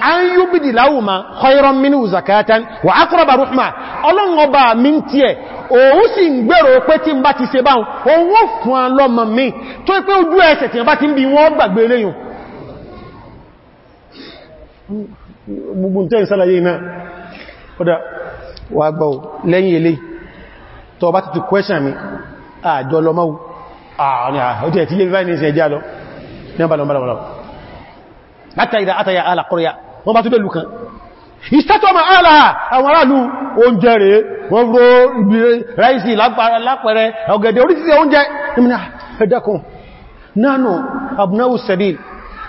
Speaker 2: an yubdi lahuma khayran minhu zakatan wa aqrab ruhma ọlọ́run ọba mi ń tí ẹ̀ òun sì ń gbèrò pé tí ń bá ti ṣe báhùn owó fún alọ́mọ mi tó pé ojú ẹsẹ̀ tí wọ́n bá ti ń bí wọ́n gbàgbé léyùn gbogbo ní ìsẹ̀ ìjá lọ ní látà ìdá àtàyà alàkọrìyà wọ́n bá tó bẹ̀lú kan ìstátọ́ ma ààlà àwọn aráàlú oúnjẹ rẹ̀ wọ́n rọ ráìsì lápẹẹrẹ ọ̀gẹ̀dẹ̀ orísìsẹ̀ oúnjẹ ah, ẹ̀dẹ́kùn nánà abúnáwù sẹ̀bí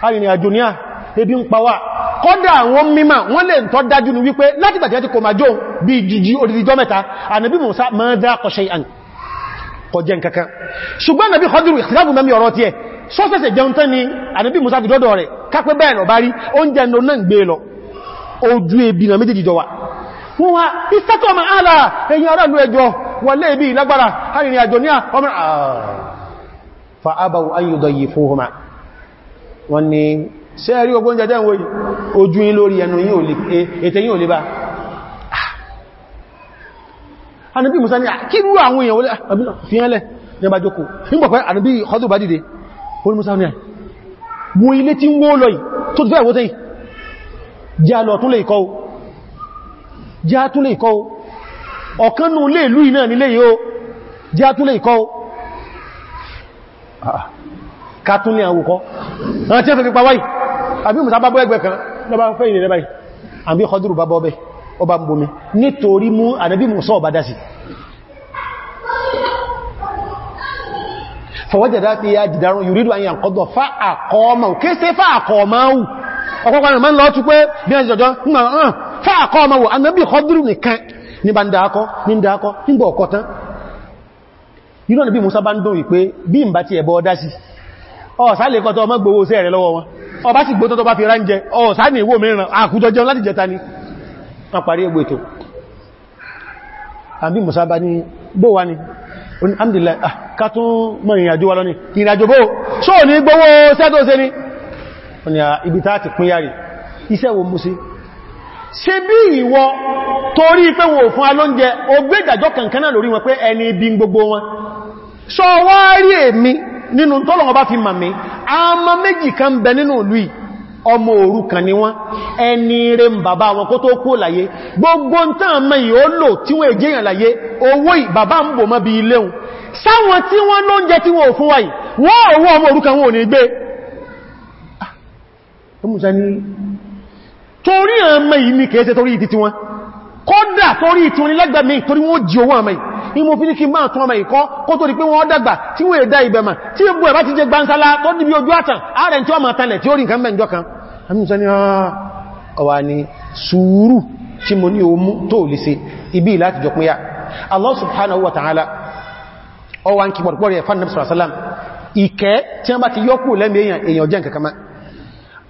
Speaker 2: arìnrìn àjò ní à ebi ń pa wá kọ́dà àwọn mímọ̀ wọ́n lè tọ́ dájú ní wípé láti bàtí àti kò máa jò bí jìjì odidijọ́ mẹ́ta ànàbí Mùsá máa sọ́sẹ̀sẹ̀ jẹun tán ni ànábì Musa fi dọ́dọ̀ rẹ̀ kápẹ́ bẹ́ẹ̀ lọ bá rí oúnjẹ ẹ̀nà náà ń gbé lọ ojú ebi na méjèèjì jọ wà wọ́n wá ìsẹ́tọ̀ ma ààlà ẹ̀yìn ará ìlú ẹjọ́ wọlé ibi ìlágbára arìnrìn àjò ní ọmọ ah. fa abawu ayyudo yìí fún ọmọ wọn ni ṣe rí ogun jẹjẹ ìwòyí ojú yín lórí ẹnu yín e, ètè yín ò lè bá ah. ànábì Musa ni kí rú àwọn èèyàn wọlé àbílọ̀ fi hẹ́lẹ̀ ní ọba jókòó ọdún bá dìde olùmùsáwọ́nà wo ilé tí ń wó lọ yìí tó ti fẹ́ ìwọ́tẹ́ yìí jẹ́ alọ̀ tún lè kọ́ jẹ́ atún lè kọ́ ọ̀kan nù lè lú iná nílé yóò jẹ́ atún lè kọ́ ah, kàtún ní àwòkọ́ rántí ẹ̀fẹ́ pípa wáyìí àbí mùsá fọwọ́jẹ̀dá pé ya jìdarun yìí wáyé àkọ́dọ̀ fa'akọ́ọ̀mọ̀ kéèsé fa'akọ́ọ̀mọ̀ ọkọ̀kọ́ rẹ̀ máa ń lọ tún pé bí ẹjọ́ jọ ah, fa'akọ́ọ̀mọ̀ anábì kọdúrù nìkan ní bá ń dáakọ́ ní ń dáakọ́ nígbà ọkọ̀ tán yìí náà bí Musa bá ń dùn wípé bí n bá ti ẹ̀bọ́ ọdá sí ọ̀sá lè kọ́tọ́ ọmọ gbowó sí ẹ̀rẹ̀ lọ́wọ́ wọn ọba sì gbótọ́ tó bá fi ránjẹ ọ̀sá ní ìwò mìíràn àkújọ bó wá ni alhamdulillah ah ká tún mọ̀ ìrìnàjò wa lọ́ní so bó ṣó ní gbówó sẹ́tò sí ní ọ̀nà ah, ibi tàà ti pínyàrí iṣẹ́ wo mú sí ṣe tori ìwọ torí pé wò fún alóúnjẹ o gbé ìdàjọ́ kankan náà lórí wọn pé ẹni ibi gbogbo wọn ṣọ wá rí èmi nínú tọ́lọ̀ ọba fi màmí a mọ méjì kan bẹ nínú ìlú yìí ọmọ òrukàn ni wọ́n ẹni rẹ̀ ń bàbá wọn kó tó láyé gbogbo ń tàn mẹ́ ìhó lò tí wọ́n èjì láyé owó ìbàbá ń bò mọ́ bí iléun sáwọn tí wọ́n ló ń jẹ tí wọ́n ò fún wáyìí wọ́n owó ọmọ òrukàn wọn ò ní gbé ah, ní ti jẹ gbansala tó níbi ojú àtàn ààrẹ tí wọ́n máa tanlẹ̀ tí ó rí nǹkan mẹ́jọ hamilton ni ọwà ni sùúrù tí mo ní ohun tó lè ṣe ibi láti jọ pínyà Allah subhanahu wa ta'ala ọwà ń kìbọ̀ pọ̀rẹ̀ fún Ànábì sallallahu alaihi wasallam ìkẹ́ tí wọ́n bá ti yọ́kù lẹ́mí èèyàn èèyàn jẹ́ nǹkan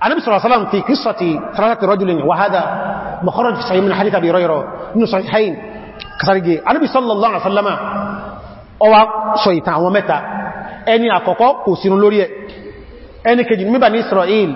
Speaker 2: Ànábì sallallahu alaihi wasallam fi qissati thalathati rajulin wa hadha mukharraj fi sahih min hadith Abi Hurairah nínú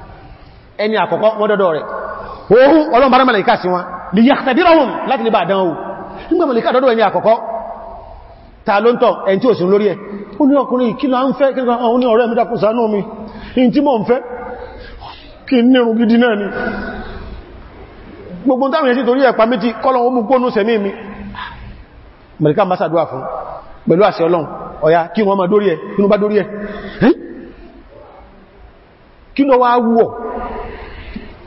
Speaker 2: ẹni àkọ́kọ́ wọ́n dọ́dọ̀ rẹ̀ oòrùn ọlọ́run bára mẹ́lẹ̀ká sí wọn lè yàtàdírọ̀hùn láti lè bá àdánwò nígbà mẹ́lẹ̀ká dọ́dọ̀ ẹni àkọ́kọ́ ta ló ń tọ́ ẹni tí ò sí lórí ẹ ó ní ọkùnrin kí ló ń fẹ́ kí ó ní ọ̀rẹ́ mi dákun ṣàánú mi in tí mò ń fẹ́ kí n nírun gidi náà ni gbogbo kí lọ wá wúwọ̀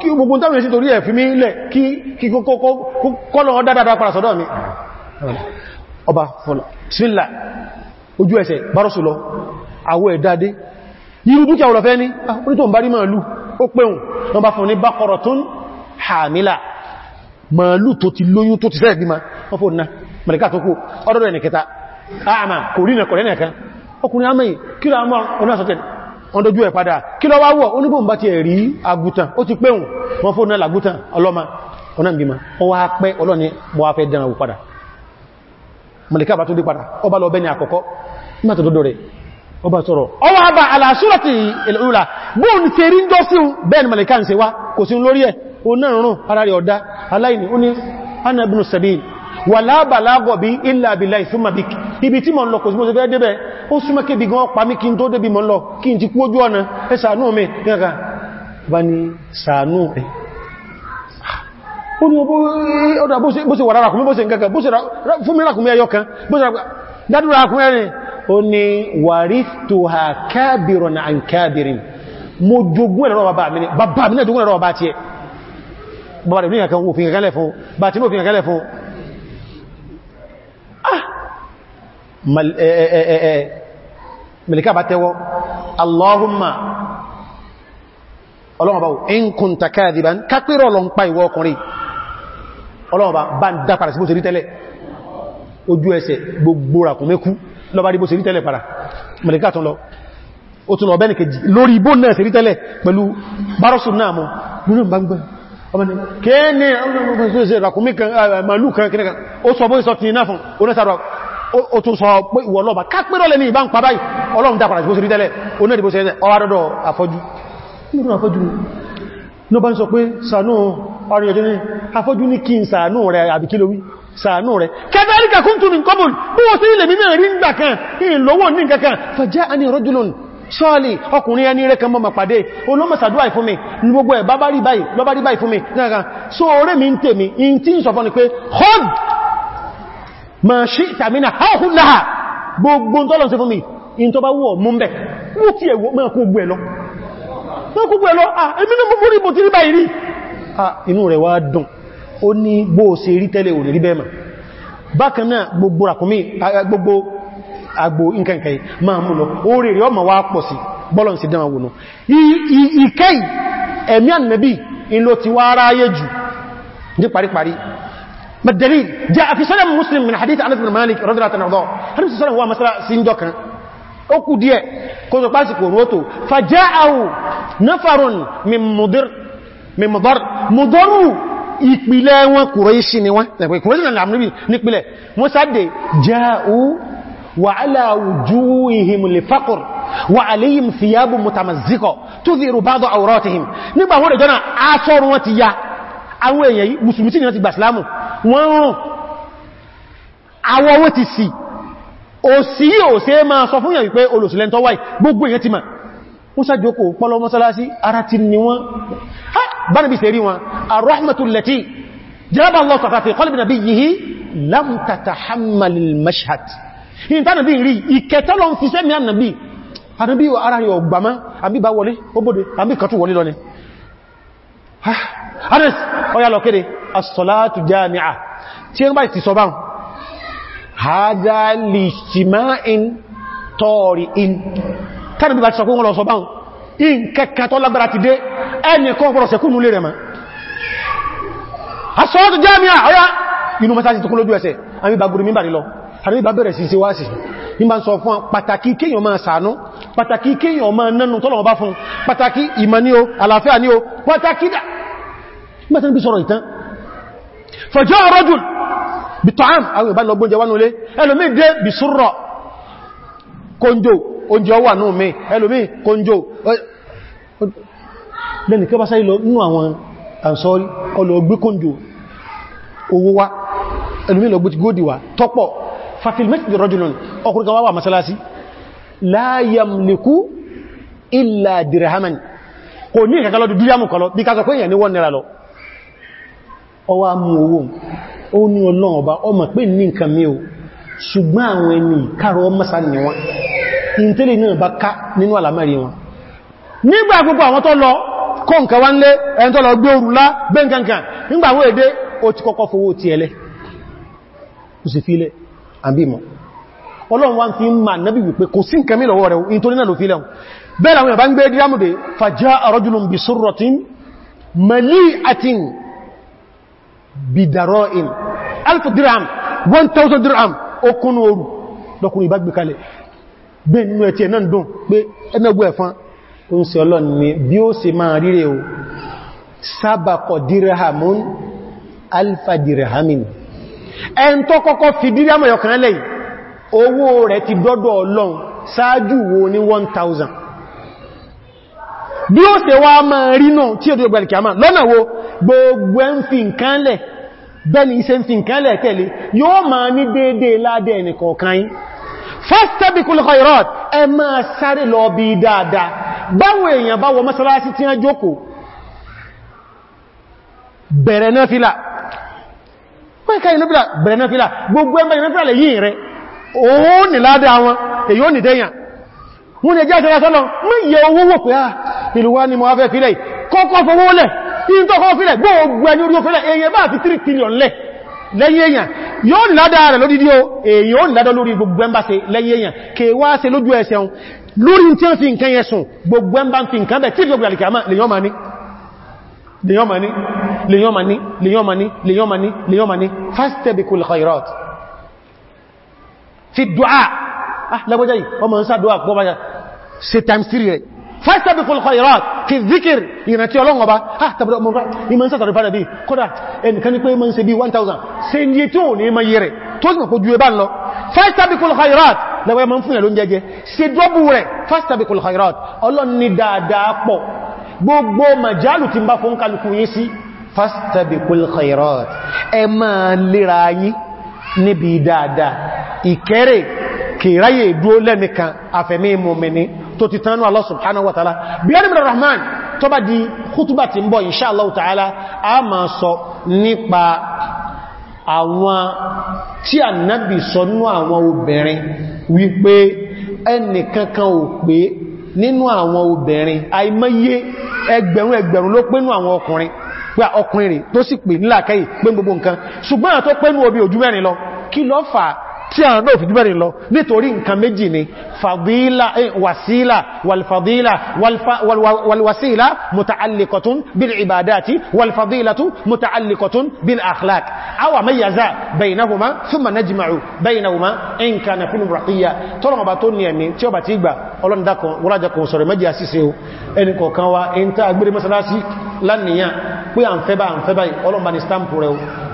Speaker 2: kí gbogbo táwọn èsì torí ẹ̀fí mi ilẹ̀ kí kọ́lọ̀ dáadáa padà sọ́dọ̀ mi ọba fọ́nà sílá ojú ẹsẹ̀ bárọ́sù lọ àwọ̀ ẹ̀dáadé yìí dúkìá ọ̀rọ̀fẹ́ ní onítò ń bari màálù ó pẹ̀hùn wọ́n bá fún ní bákọrọ̀ tó ń hàmílà màálù tó ti lóyún tó ti sẹ́ẹ̀ bímá wọ́n fún náà mẹ́ríkà tó kú ọdọ́dọ̀ wọ́n dojú ẹ̀ padà kí lọ wá wọ́ onígbòm bá ti ẹ̀rí àgùtàn ó ti pẹ́hùn wọ́n fún náà làgùtàn ọlọ́mà ọ̀nàmìbìmá wọ́n wá pẹ́ ọlọ́ni wọ́n fẹ́ dánwò padà mọ̀lẹ̀ká bá tó dé padà ọba lọ bẹ́ni àkọ́kọ́ mẹ́ta tó dọ̀rẹ̀ ọba sọ̀rọ̀ ọwọ́ àbá aláṣúrọ̀tì ìlúra bóòn tèrí jọ sí bẹ́ẹ̀ni mọ̀lẹ̀ká ń se wá kò sí lórí ẹ̀ o wà lábàlágọ̀ bí ilẹ̀ àbìlá ìsúnmà bí ibi tí mọ̀ ń lọ kò sí mọ́ sí fẹ́ débẹ̀ ó súnmọ́ kébì gan pa mí kí n tó débì mọ́ lọ kí n ti kú ojú ọ̀nà ẹ ṣàánú mi nǹkan bá ní ṣàánú rẹ̀ ó ní ọdá bó ṣe wà rárakùnmí bó ṣe nǹkan fún mi bàbá mi ní bàbá mi náà jogún ti ẹ̀ bàbá rẹ̀ ní ìyàkan òfin kẹkẹlẹ̀ fún bàtí ní òfin kẹkẹlẹ̀ fún mẹ́lìká eh, eh, eh, bá tẹ́wọ́ Allahumma ọlọ́mọba in kunta kadiban kápírọ̀ lọ ń pa ìwọ ọkùnrin ọlọ́mọba bá ń dápàrà sí bó ṣe rí tẹ́lẹ̀ ojú ẹsẹ̀ gbogbo ràkùnmẹ́kú lọ́bá rí bó ṣe rí tẹ́lẹ̀ para mẹ́lìká tún lọ ó tún lọ bẹ́ẹ̀ nìkejì lórí ibó náà ṣe rí tẹ́lẹ̀ pẹ̀lú bárọ́sù náà mọ́ nínú gbangba ọmọdé kéèní ọmọdé ràkùnmí kan ó tún sọ pé ìwọ̀ ọlọ́ba kápẹ́rọ lẹ́ni ìbá ń pa báyìí ọlọ́run dápàdà sí bó ṣe rí tẹ́lẹ̀ onídìbò ṣe ọwá dọ́dọ̀ afọ́jú nínú afọ́jú ni ló bá ń sọ pé sàánú ọrìn ọjọ́ ní afọ́jú ní kí n sàánú rẹ̀ àbí kí lówí sàánú rẹ̀ kẹtàríkà kún tún ní kọ́bùn bí wọ́n sí ilẹ̀ mímẹ̀ rí ńgbà kan ìlọ́wọ́ ní kankan fàjá a ní rọ́júlùn sọ́ọ̀lì ọkùnrin ẹni rẹ̀ kan mọ́mà pàdé olómọ̀sàdúwà ìfún mi ní gbogbo ẹ̀ bá bá rí báyìí lọ́bá rí báyìí fún mi náà so oré mi ń tèmi in tí ń sọ fún ni pé hold ma ṣe ìtàmínà haihun náà gbogbo tọ́lọ̀ sí fún mi in tó bá wọ́ múmbẹ̀ mú tí ẹ̀wọ́ mọ́ kó gbẹ̀ lọ mọ́ kó gbẹ̀ lọ à èmi ní mú rí bò tí rí báyìí rí à inú rẹ̀ wá dùn ó ní bó ṣe rí tẹ́lẹ̀ ò rí bẹ́ẹ̀mà bákan náà gbogbo ràkúnmí ما الدليل جاء في سنن مسلم من حديث عن ابن مالك رضي الله عنه نعم. هل سنن هو مثلا سندوكا او كوديا كوزو باسكو روتو فجاءه نفر من مضر من مضر مضر يقبل قريش نوا قريش نوا نعم،, نعم نبي نقبل مسد جاءوا وعلى وجوههم الفقر وعليهم ثياب متمزقه تذير بعض عوراتهم نبا هو جنا اثر وتيا àwọn èèyàn yìí musulmi tí ni wọ́n ti gbà ìsìlámù wọ́n ń rùn àwọ̀ owó ti sì òsì ò sí máa sọ fún yàn wípé olùsìlẹ́ntọ́ wáì gbogbo èèyàn ti ma ó sàjókò pọ́lọ mọ́sálásí ara ti ni wọ́n bánibí sẹ́rí wọn arọ́hmatullati jẹ́bà lọ tàkàfẹ́ kọlùbí nàbí yìí lámtàtà hamalil mashhad in ta nàbí rí ìkẹtọ́lọ́ fi Anas ọya lọ kéde as-salatu jami'a tí ẹn báyìí ti sọ báhùn hada lijtima'in tari'in tàbí bí bá ti sọ kún lọ sọ báhùn in kẹkà tó lágbára ti dé ẹni kọ́ pọ̀rọ̀ sẹkúnnú lè rẹ̀ ma as-salatu jami'a ọya inú mẹ́sàájì tó kún lójú ẹsẹ̀ àmì bàgbùrù mímbàrí lọ àrí bá bẹ̀rẹ̀ ń sọ fún pàtàkì kéèyàn máa ṣàánú pàtàkì kéèyàn máa nánú tọ́lọ̀wọ́ bá fún pàtàkì ìmọ̀ ní o àlàáfíà ní o pàtàkì nígbàtí níbi sọ̀rọ̀ ìtàn fọjọ́ rọ́jùl bí tọ́ám àwọn ìbá lọ́gbọ́n jẹ wánúlé ẹlòmí dé bí súrọ̀ kónjò oúnjẹ ọwà náà mẹ́ ẹlòmí kónjò lẹ́nì kí ó bá sáyé lọ nú àwọn àǹsọ́rí ọlọ́gbé kónjò owó wá ẹlòmí lọ gbóti góòdì wá tọ́pọ̀ fàfilmẹ́tì rọ́jùlùn ọkùnrin kan wá wà masalasi la yamliku illa dirhaman kò ní ìkàkà lọ dúdú kọlọ bí ká sọ ní wọ́n nira lọ ọwá mú owó ó ní ọlọ́run ọba ọmọ pé ní nǹkan mí o ṣùgbọ́n àwọn ẹni kàrọ mọ́sá ni wọ́n ìntẹ́lẹ̀ náà bá ká nínú àlàmẹ́rí wọn nígbà gbogbo àwọn tó lọ kó nǹkan wá nlé ẹni tó lọ gbé òrùlá gbé nǹkankan nígbà àwọn èdè ó ti kọ́kọ́ fowó ti ẹlẹ́ kò sì fílẹ̀ àbímọ̀ ọlọ́run wá ń fi ń ma nábì nǹkan mí lọ́wọ́ rẹ̀ bidaroin alfu dirham 1000 dirham okun oru lọ́kùnrin ìbá gbé kalẹ̀ gbé nínú ẹ̀tí ẹ̀ náà dùn pé ẹmẹ́gbọ́ ẹ̀fán o ń se ọlọ́ni ni bí ó se máa ríre o sábàkọ̀ dirhamun alfa dirhamin ẹn tó kọ́kọ́ fi dirhamun yọkànlẹ̀ owó rẹ̀ ti dọ́dọ̀ ọlọ́run sáájú wo ní 1000 bí ó ṣe wá máa rí náà tí ó dúró gbẹ̀lẹ̀ kìámà lọ́nà wo gbogbo ẹ̀ ń fi nǹkan lẹ̀ bẹ́ni iṣẹ́ ń fi nǹkan lẹ̀ tẹ̀lé yóò máa ní dédé ládẹ́ ẹnìkọ̀ọ̀kan yín fastabiqul khairat ẹ máa sáré lọ bí dáadáa báwọn èèyàn bá wọ mọ́sálásí tí wọ́n jókòó bẹ̀rẹ̀ náfílà bẹ̀rẹ̀ náfílà gbogbo ẹgbẹ̀rẹ̀ náfílà lè yí rẹ̀ òun ní ládẹ́ àwọn èyí wọ́n lè jẹ́ àjọ́ra sọ́nà mẹ́yẹ owó wò pé àà ah, ìlú wa ni mo afẹ́ fílẹ̀ kọ́kọ́ fowó lẹ̀ in tó kọ́ fílẹ̀ gbogbo ẹni orí òfílẹ̀ èyẹ bá fi 3 trillion lẹ̀ lẹ́yìn èyàn yóò nìládà rẹ̀ lórí díò èyàn nìládà lórí gbogbo ẹmbá ṣe lẹ́yìn èyàn kèwàá ṣe lójú ẹsẹ̀ ohun lórí tí ó fi nǹkan yẹ sùn gbogbo ẹmbá fi nǹkan bẹ̀ tí gbogbo àlìkàmà lèyàn ma ah lágbọ́já ọmọ ń sáàdọ́ àpọ̀ bájá ṣe times 3 rẹ̀ fásitàbí kọlùkọ iraq kì zikir ìrántí ọlọ́run ọba ah tàbí ọmọ rẹ̀ ní mọ́n sátàrí padà bí kọ́dà ẹnìkan ní pé mọ́n ṣe bí 1000 ṣe ní tí ò ní mọ́ yẹ rẹ̀ tó sì mọ̀kó ju ẹbá lọ fásitàbí kọlùkọ iraq lẹ́wọ́ ẹmọ́ fún ìyàló jẹjẹ ṣe dọ́bù rẹ̀ fásitàbí kọlùkọ iraq ọlọ́run ní dáadáa pọ̀ gbogbo màjálù ti ń bá tó ti tánú Allah subhanahu wa ta'ala bí ẹni mìíràn rahman tó bá di kútùbà tí ń bọ̀ insha Allah ta'ala a máa sọ nípa àwọn tí ànábì sọ nú àwọn obìnrin wípé ẹnì kankan ò pé nínú àwọn obìnrin àìmọye ẹgbẹ̀rún ẹgbẹ̀rún ló pé nú àwọn ọkùnrin pé ọkùnrin tó sì pè nílàkẹ́ pé gbogbo nǹkan ṣùgbọ́n àtọ́ pé nú obi ojú mẹ́rin lọ kí ló fà tí a náà fi jùbẹ̀rẹ̀ lọ nítorí nǹkan méjì ni fàdílà eh, wàsílà wàlfàdílà wàlwàsílà muta'allikotun bil ibadati wàlfàdílatu muta'allikotun bil akhlaq awa mayyaza bainahuma thumma najma'u bainahuma in kana kullu raqiya tọ́lọ̀ ọba tó ní ẹ̀mí tí ọba ti gbà ọlọ́ndakọ̀ wọ́lájakọ̀ sọ̀rọ̀ méjì àṣìṣe ẹni kọ̀ọ̀kan wa in ta agbére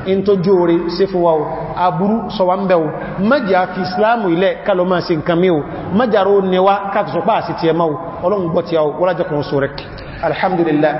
Speaker 2: in tó jóore sí wa aburú so ń bẹ̀ o islamu ilẹ̀ kaloma máa ṣe mí o mẹ́jà ró níwá káàkùsọpá àti ti ẹmọ́ ọlọ́run gbọ́ ti sọ rek alhamdulillah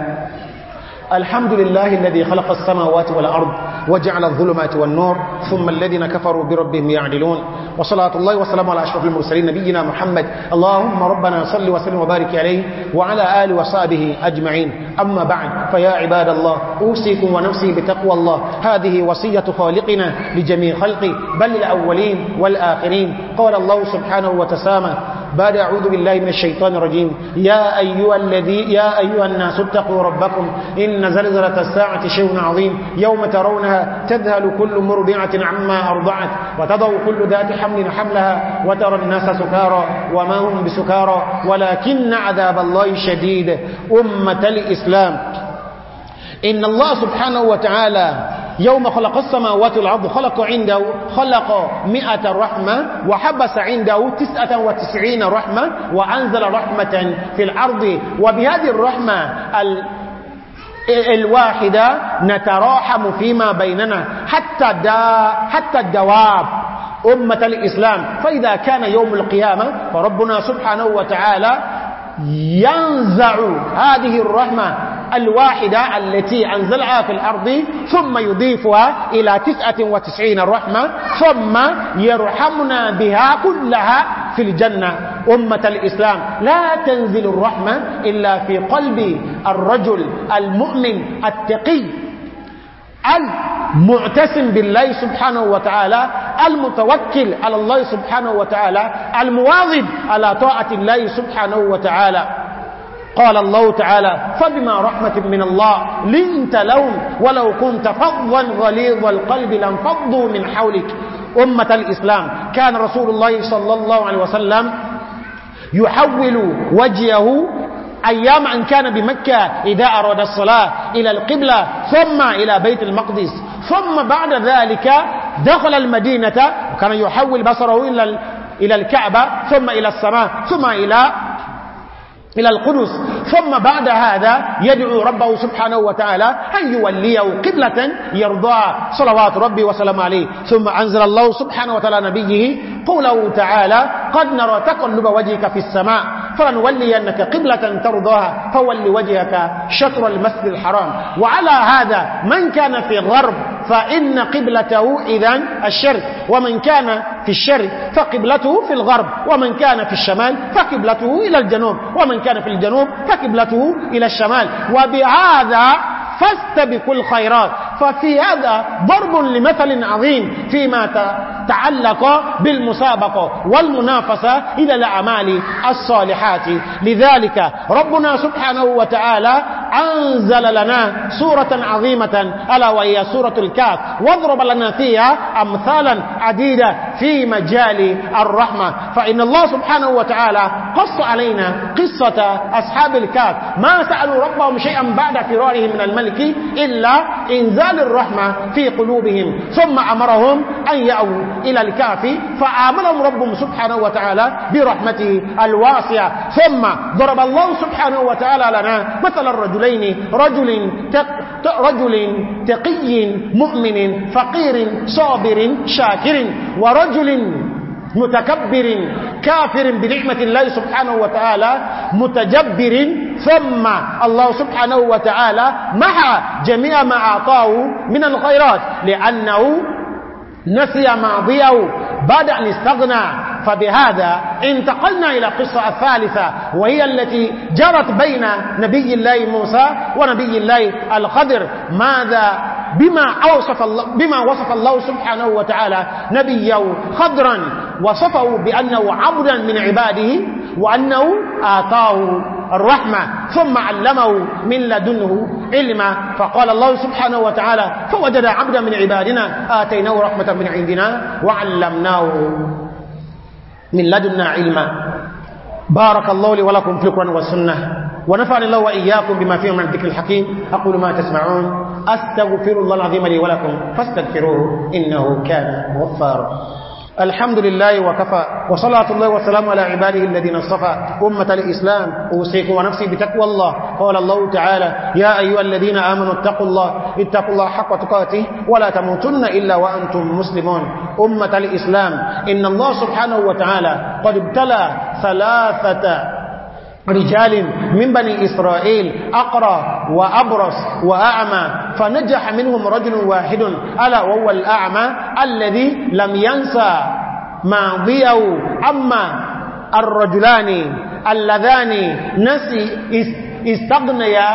Speaker 2: الحمد لله الذي خلق السماوات والأرض وجعل الظلمات والنور ثم الذين كفروا بربهم يعدلون وصلاة الله وسلام على أشرف المرسلين نبينا محمد اللهم ربنا صل وسلم وبارك عليه وعلى آل وصحبه أجمعين أما بعد فيا عباد الله أوصيكم ونفسي بتقوى الله هذه وصية خالقنا لجميع خلقه بل الأولين والآخرين قال الله سبحانه وتسامى بعد أعوذ بالله من الشيطان الرجيم يا أيها, الذي يا أيها الناس اتقوا ربكم إن زلزلة الساعة شيء عظيم يوم ترونها تذهل كل مربعة عما أرضعت وتضع كل ذات حمل حملها وترى الناس سكارى وما هم بسكارى ولكن عذاب الله شديد أمة الإسلام إن الله سبحانه وتعالى يوم خلق السماوات والأرض خلق عنده خلق مئة رحمة وحبس عنده تسعة وتسعين رحمة وأنزل رحمة في الأرض وبهذه الرحمة الواحدة نتراحم فيما بيننا حتى, دا حتى الدواب أمة الإسلام فإذا كان يوم القيامة فربنا سبحانه وتعالى ينزع هذه الرحمة الواحدة التي أنزلها في الأرض ثم يضيفها إلى تسعة وتسعين رحمة ثم يرحمنا بها كلها في الجنة أمة الإسلام لا تنزل الرحمة إلا في قلب الرجل المؤمن التقي المعتسم بالله سبحانه وتعالى المتوكل على الله سبحانه وتعالى المواظب على طاعة الله سبحانه وتعالى قال الله تعالى فبما رحمة من الله لنت لهم ولو كنت فظا غليظ القلب لانفضوا من حولك أمة الإسلام كان رسول الله صلى الله عليه وسلم يحول وجهه أيام أن كان بمكة إذا أراد الصلاة إلى القبلة ثم إلى بيت المقدس ثم بعد ذلك دخل المدينة وكان يحول بصره إلى إلى الكعبة ثم إلى السماء ثم إلى إلى القدس ثم بعد هذا يدعو ربه سبحانه وتعالى أن يوليه قبلة يرضى صلوات ربي وسلم عليه ثم أنزل الله سبحانه وتعالى نبيه قوله تعالى قد نرى تقلب وجهك في السماء فلنولينك قبلة ترضاها فول وجهك شطر المسجد الحرام وعلى هذا من كان في الغرب فإن قبلته إذا الشرق ومن كان في الشرق فقبلته في الغرب ومن كان في الشمال فقبلته إلى الجنوب ومن كان في الجنوب فقبلته إلى الشمال وبهذا فاستبقوا الخيرات ففي هذا ضرب لمثل عظيم فيما تعلق بالمسابقة والمنافسة إلى الأعمال الصالحات لذلك ربنا سبحانه وتعالى أنزل لنا سورة عظيمة ألا وهي سورة الكاف واضرب لنا فيها أمثالا عديدة في مجال الرحمة فإن الله سبحانه وتعالى قص علينا قصة أصحاب الكاف ما سألوا ربهم شيئا بعد فرارهم من الملك إلا إنزال انزال الرحمة في قلوبهم ثم أمرهم أن يأو إلى الكافي فآمنهم ربهم سبحانه وتعالى برحمته الواسعة ثم ضرب الله سبحانه وتعالى لنا مثل الرجلين رجل تق رجل تقي مؤمن فقير صابر شاكر ورجل متكبر كافر بنعمة الله سبحانه وتعالى متجبر ثم الله سبحانه وتعالى مع جميع ما أعطاه من الخيرات لأنه نسي ماضيه بعد أن استغنى فبهذا انتقلنا إلى قصة الثالثة وهي التي جرت بين نبي الله موسى ونبي الله الخضر ماذا بما, أوصف الله بما وصف الله سبحانه وتعالى نبيه خضرا وصفه بأنه عبدا من عباده وأنه آتاه الرحمة ثم علمه من لدنه علما فقال الله سبحانه وتعالى فوجد عبدا من عبادنا آتيناه رحمة من عندنا وعلمناه من لدنا علما بارك الله لي ولكم في القرآن والسنة ونفعني الله وإياكم بما فيه من الذكر الحكيم أقول ما تسمعون أستغفر الله العظيم لي ولكم فاستغفروه إنه كان غفارا الحمد لله وكفى وصلاة الله والسلام على عباده الذين اصطفى أمة الإسلام أوصيكم ونفسي بتقوى الله قال الله تعالى يا أيها الذين آمنوا اتقوا الله اتقوا الله حق تقاته ولا تموتن إلا وأنتم مسلمون أمة الإسلام إن الله سبحانه وتعالى قد ابتلى ثلاثة رجال من بني إسرائيل أقرى وأبرص وأعمى فنجح منهم رجل واحد ألا وهو الأعمى الذي لم ينسى ماضيه أما الرجلان اللذان نسي استغنيا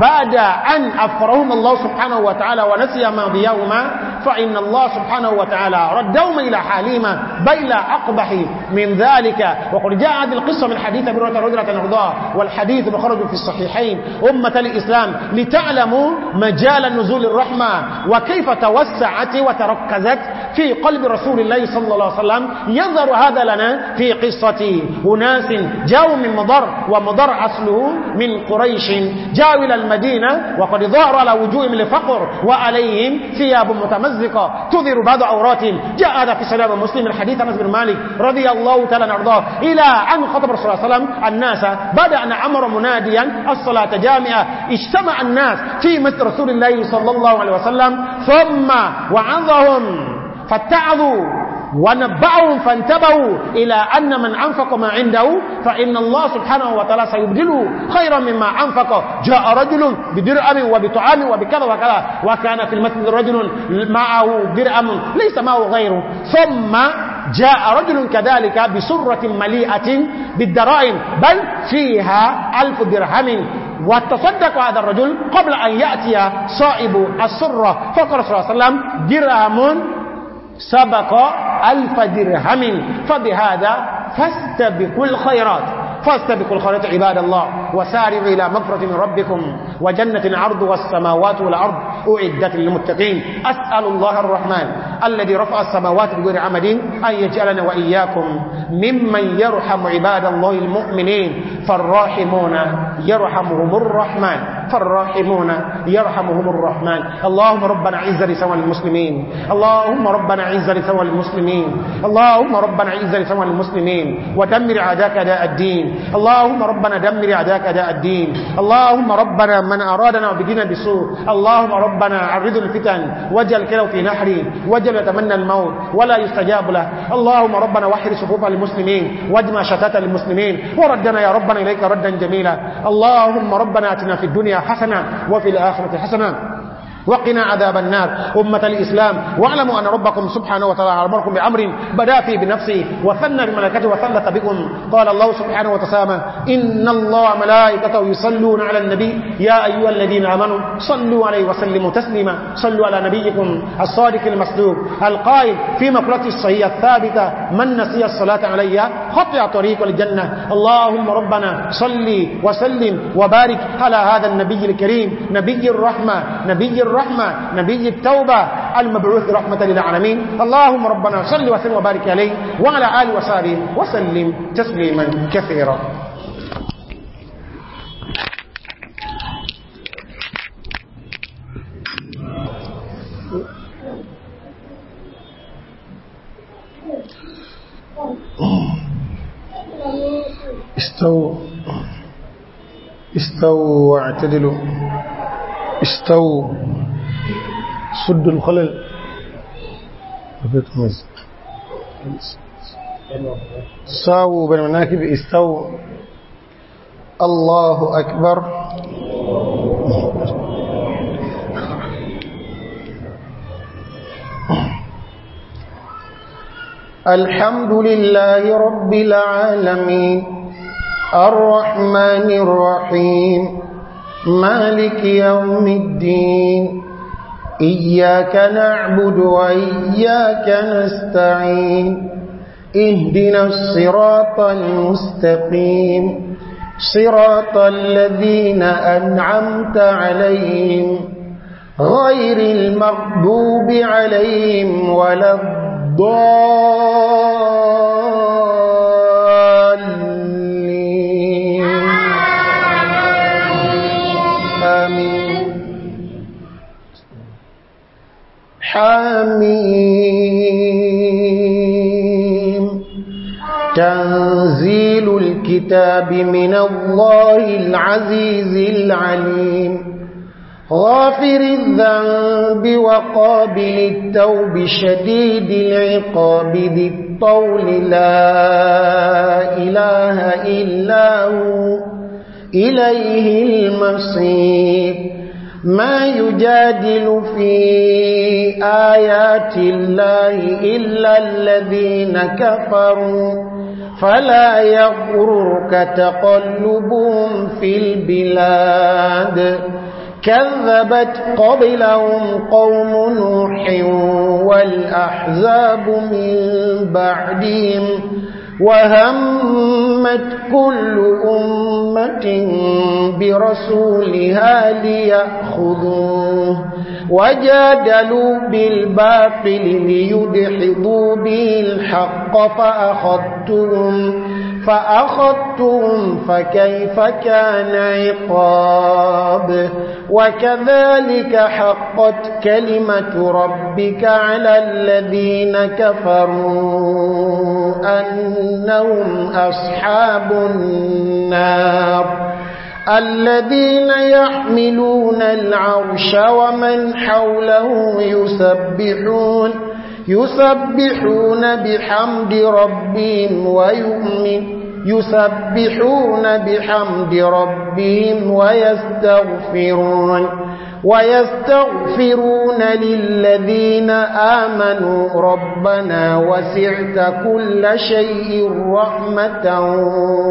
Speaker 2: بعد أن أفرهم الله سبحانه وتعالى ونسي ماضيهما فإن الله سبحانه وتعالى ردهم إلى حليمة بين أقبح من ذلك وقل جاء هذه القصة من حديث أبي هريرة رضي الله عنه والحديث بخرج في الصحيحين أمة الإسلام لتعلموا مجال نزول الرحمة وكيف توسعت وتركزت في قلب رسول الله صلى الله عليه وسلم يظهر هذا لنا في قصة أناس جاءوا من مضر ومضر أصله من قريش جاءوا إلى المدينة وقد ظهر على وجوههم لفقر وعليهم ثياب متمسكة متمزقة تظهر بعض عوراتهم جاء هذا في سلام مسلم حديث أنس بن مالك رضي الله تعالى نرضاه إلى أن خطب رسول الله صلى الله عليه وسلم الناس بعد أن عمر مناديا الصلاة جامعة اجتمع الناس في مسجد رسول الله صلى الله عليه وسلم ثم وعظهم فاتعظوا ونبعهم فانتبهوا إلى أن من أنفق ما عنده فإن الله سبحانه وتعالى سيبدله خيرا مما أنفق جاء رجل بدرأم وبطعام وبكذا وكذا وكان في المسجد رجل معه درأم ليس معه غيره ثم جاء رجل كذلك بسرة مليئة بالدرائم بل فيها ألف درهم وتصدق هذا الرجل قبل أن يأتي صائب السرة فقال صلى الله عليه وسلم درهم سبق ألف درهم فبهذا فاستبقوا الخيرات فاستبقوا الخيرات عباد الله وسارعوا إلى مغفرة من ربكم وجنة العرض والسماوات والأرض أعدت للمتقين أسأل الله الرحمن الذي رفع السماوات بغير عمد أن يجعلنا وإياكم ممن يرحم عباد الله المؤمنين فالراحمون يرحمهم الرحمن فالراحمون يرحمهم الرحمن اللهم ربنا عز لسوى المسلمين اللهم ربنا عز لسوى المسلمين اللهم ربنا عز لسوى المسلمين ودمر عداك أداء الدين اللهم ربنا دمر عداك أداء الدين اللهم ربنا من أرادنا بدنا بسوء اللهم ربنا عرض الفتن وجل كلو في نحري وجل يتمنى الموت ولا يستجاب له اللهم ربنا وحر صفوف المسلمين واجمع شتات المسلمين وردنا يا ربنا إليك ردا جميلا اللهم ربنا أتنا في الدنيا حسنة وفي الآخرة حسنة وقنا عذاب النار أمة الإسلام واعلموا أن ربكم سبحانه وتعالى أمركم بأمر بدأ فيه بنفسه وثنى بملكته وثلث بكم قال الله سبحانه وتسامى إن الله ملائكته يصلون على النبي يا أيها الذين آمنوا صلوا عليه وسلموا تسليما صلوا على نبيكم الصادق المصدوق القائل في مقلة الصحية الثابتة من نسي الصلاة عليها خطع طريق الجنة اللهم ربنا صلي وسلم وبارك على هذا النبي الكريم نبي الرحمة نبي الرحمة الرحمة نبي التوبة المبعوث رحمة للعالمين اللهم ربنا صل وسلم وبارك عليه وعلى آل وصحبه وسلم تسليما كثيرا استووا استووا واعتدلوا استووا سد الخلل
Speaker 1: ساو بين المناكب استووا الله أكبر الحمد لله رب العالمين الرحمن الرحيم مالك يوم الدين إياك نعبد وإياك نستعين اهدنا الصراط المستقيم صراط الذين أنعمت عليهم غير المغضوب عليهم ولا الضالين حميم تنزيل الكتاب من الله العزيز العليم غافر الذنب وقابل التوب شديد العقاب ذي الطول لا إله إلا هو إليه المصير ما يجادل في آيات الله إلا الذين كفروا فلا يغررك تقلبهم في البلاد كذبت قبلهم قوم نوح والأحزاب من بعدهم وهمت كل أمة برسولها ليأخذوه وجادلوا بالباطل ليدحضوا به الحق فأخذتهم فأخذتهم فكيف كان عقاب وكذلك حقت كلمة ربك على الذين كفروا أنهم أصحاب النار الذين يحملون العرش ومن حوله يسبحون يسبحون بحمد ربهم ويؤمن يسبحون بحمد ربهم ويستغفرون ويستغفرون للذين آمنوا ربنا وسعت كل شيء رحمة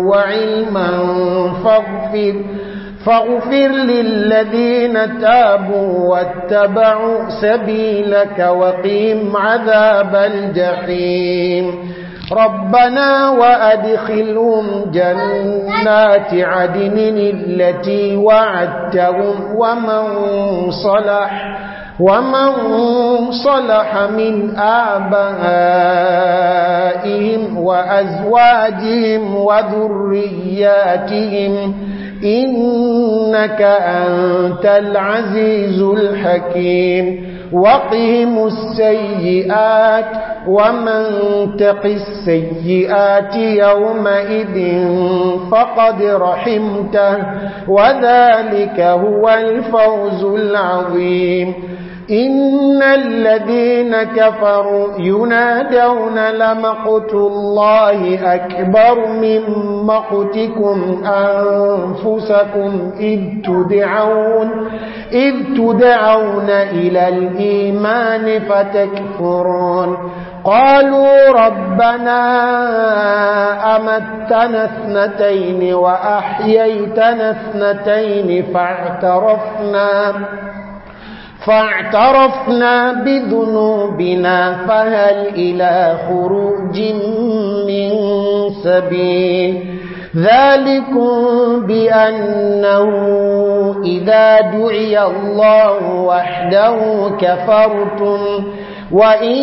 Speaker 1: وعلما فاغفر فاغفر للذين تابوا واتبعوا سبيلك وقيم عذاب الجحيم ربنا وأدخلهم جنات عدن التي وعدتهم ومن صلح ومن صلح من آبائهم وأزواجهم وذرياتهم إنك أنت العزيز الحكيم وقهم السيئات ومن تق السيئات يومئذ فقد رحمته وذلك هو الفوز العظيم إن الذين كفروا ينادون لمقت الله أكبر من مقتكم أنفسكم إذ تدعون, إذ تدعون إلى الإيمان فتكفرون قالوا ربنا أمتنا اثنتين وأحييتنا اثنتين فاعترفنا فاعترفنا بذنوبنا فهل إلى خروج من سبيل ذلك بأنه إذا دعي الله وحده كفرتم وإن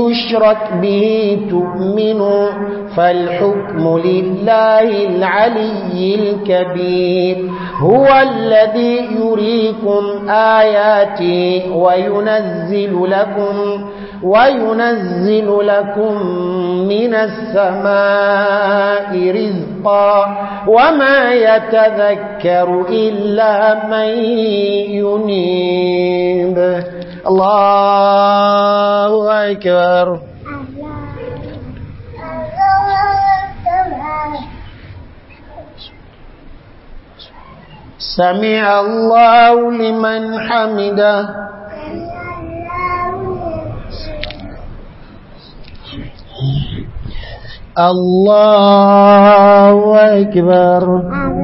Speaker 1: يشرك به تؤمنوا فالحكم لله العلي الكبير هو الذي يريكم آياته وينزل لكم وينزل لكم من السماء رزقا وما يتذكر إلا من ينيب الله أكبر سمع الله لمن حمده الله أكبر الله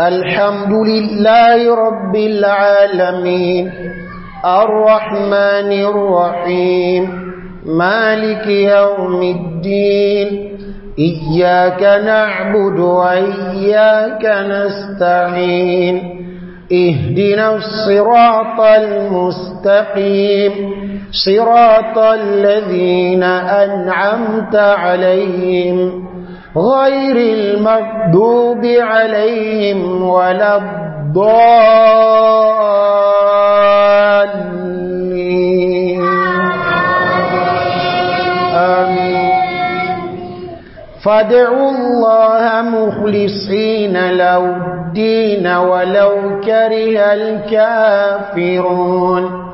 Speaker 1: الحمد لله رب العالمين الرحمن الرحيم مالك يوم الدين إياك نعبد وإياك نستعين اهدنا الصراط المستقيم صراط الذين أنعمت عليهم غير المغضوب عليهم ولا الضالين آمين فادعوا الله مخلصين له الدين ولو كره الكافرون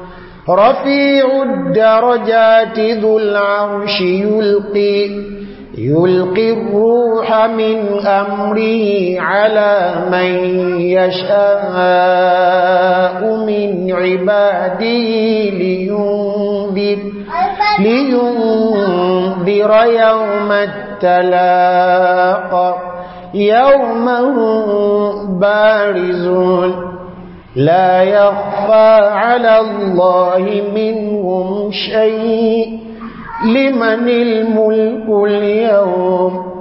Speaker 1: رفيع الدرجات ذو العرش يلقي يلقي الروح من أمره على من يشاء من عباده لينذر, لينذر يوم التلاق يوم بارزون لا يخفى على الله منهم شيء لمن الملك اليوم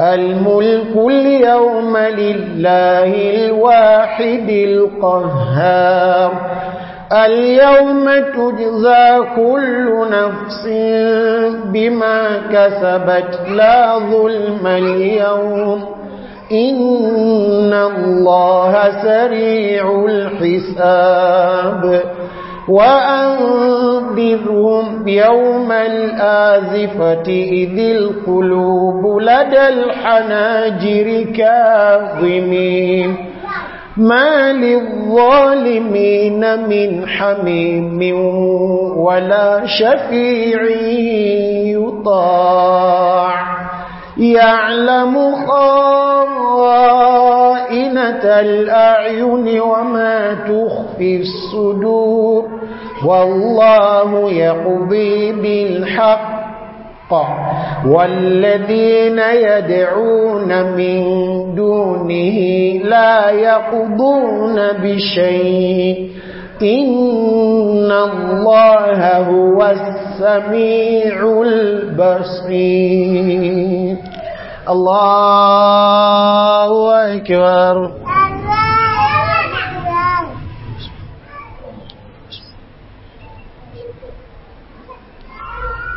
Speaker 1: الملك اليوم لله الواحد القهار اليوم تجزى كل نفس بما كسبت لا ظلم اليوم إن الله سريع الحساب وأنذرهم يوم الآذفة إذ القلوب لدى الحناجر كاظمين ما للظالمين من حميم ولا شفيع يطاع يعلم خائنة الأعين وما تخفي الصدور والله يقضي بالحق والذين يدعون من دونه لا يقضون بشيء إن الله هو السميع البصير الله أكبر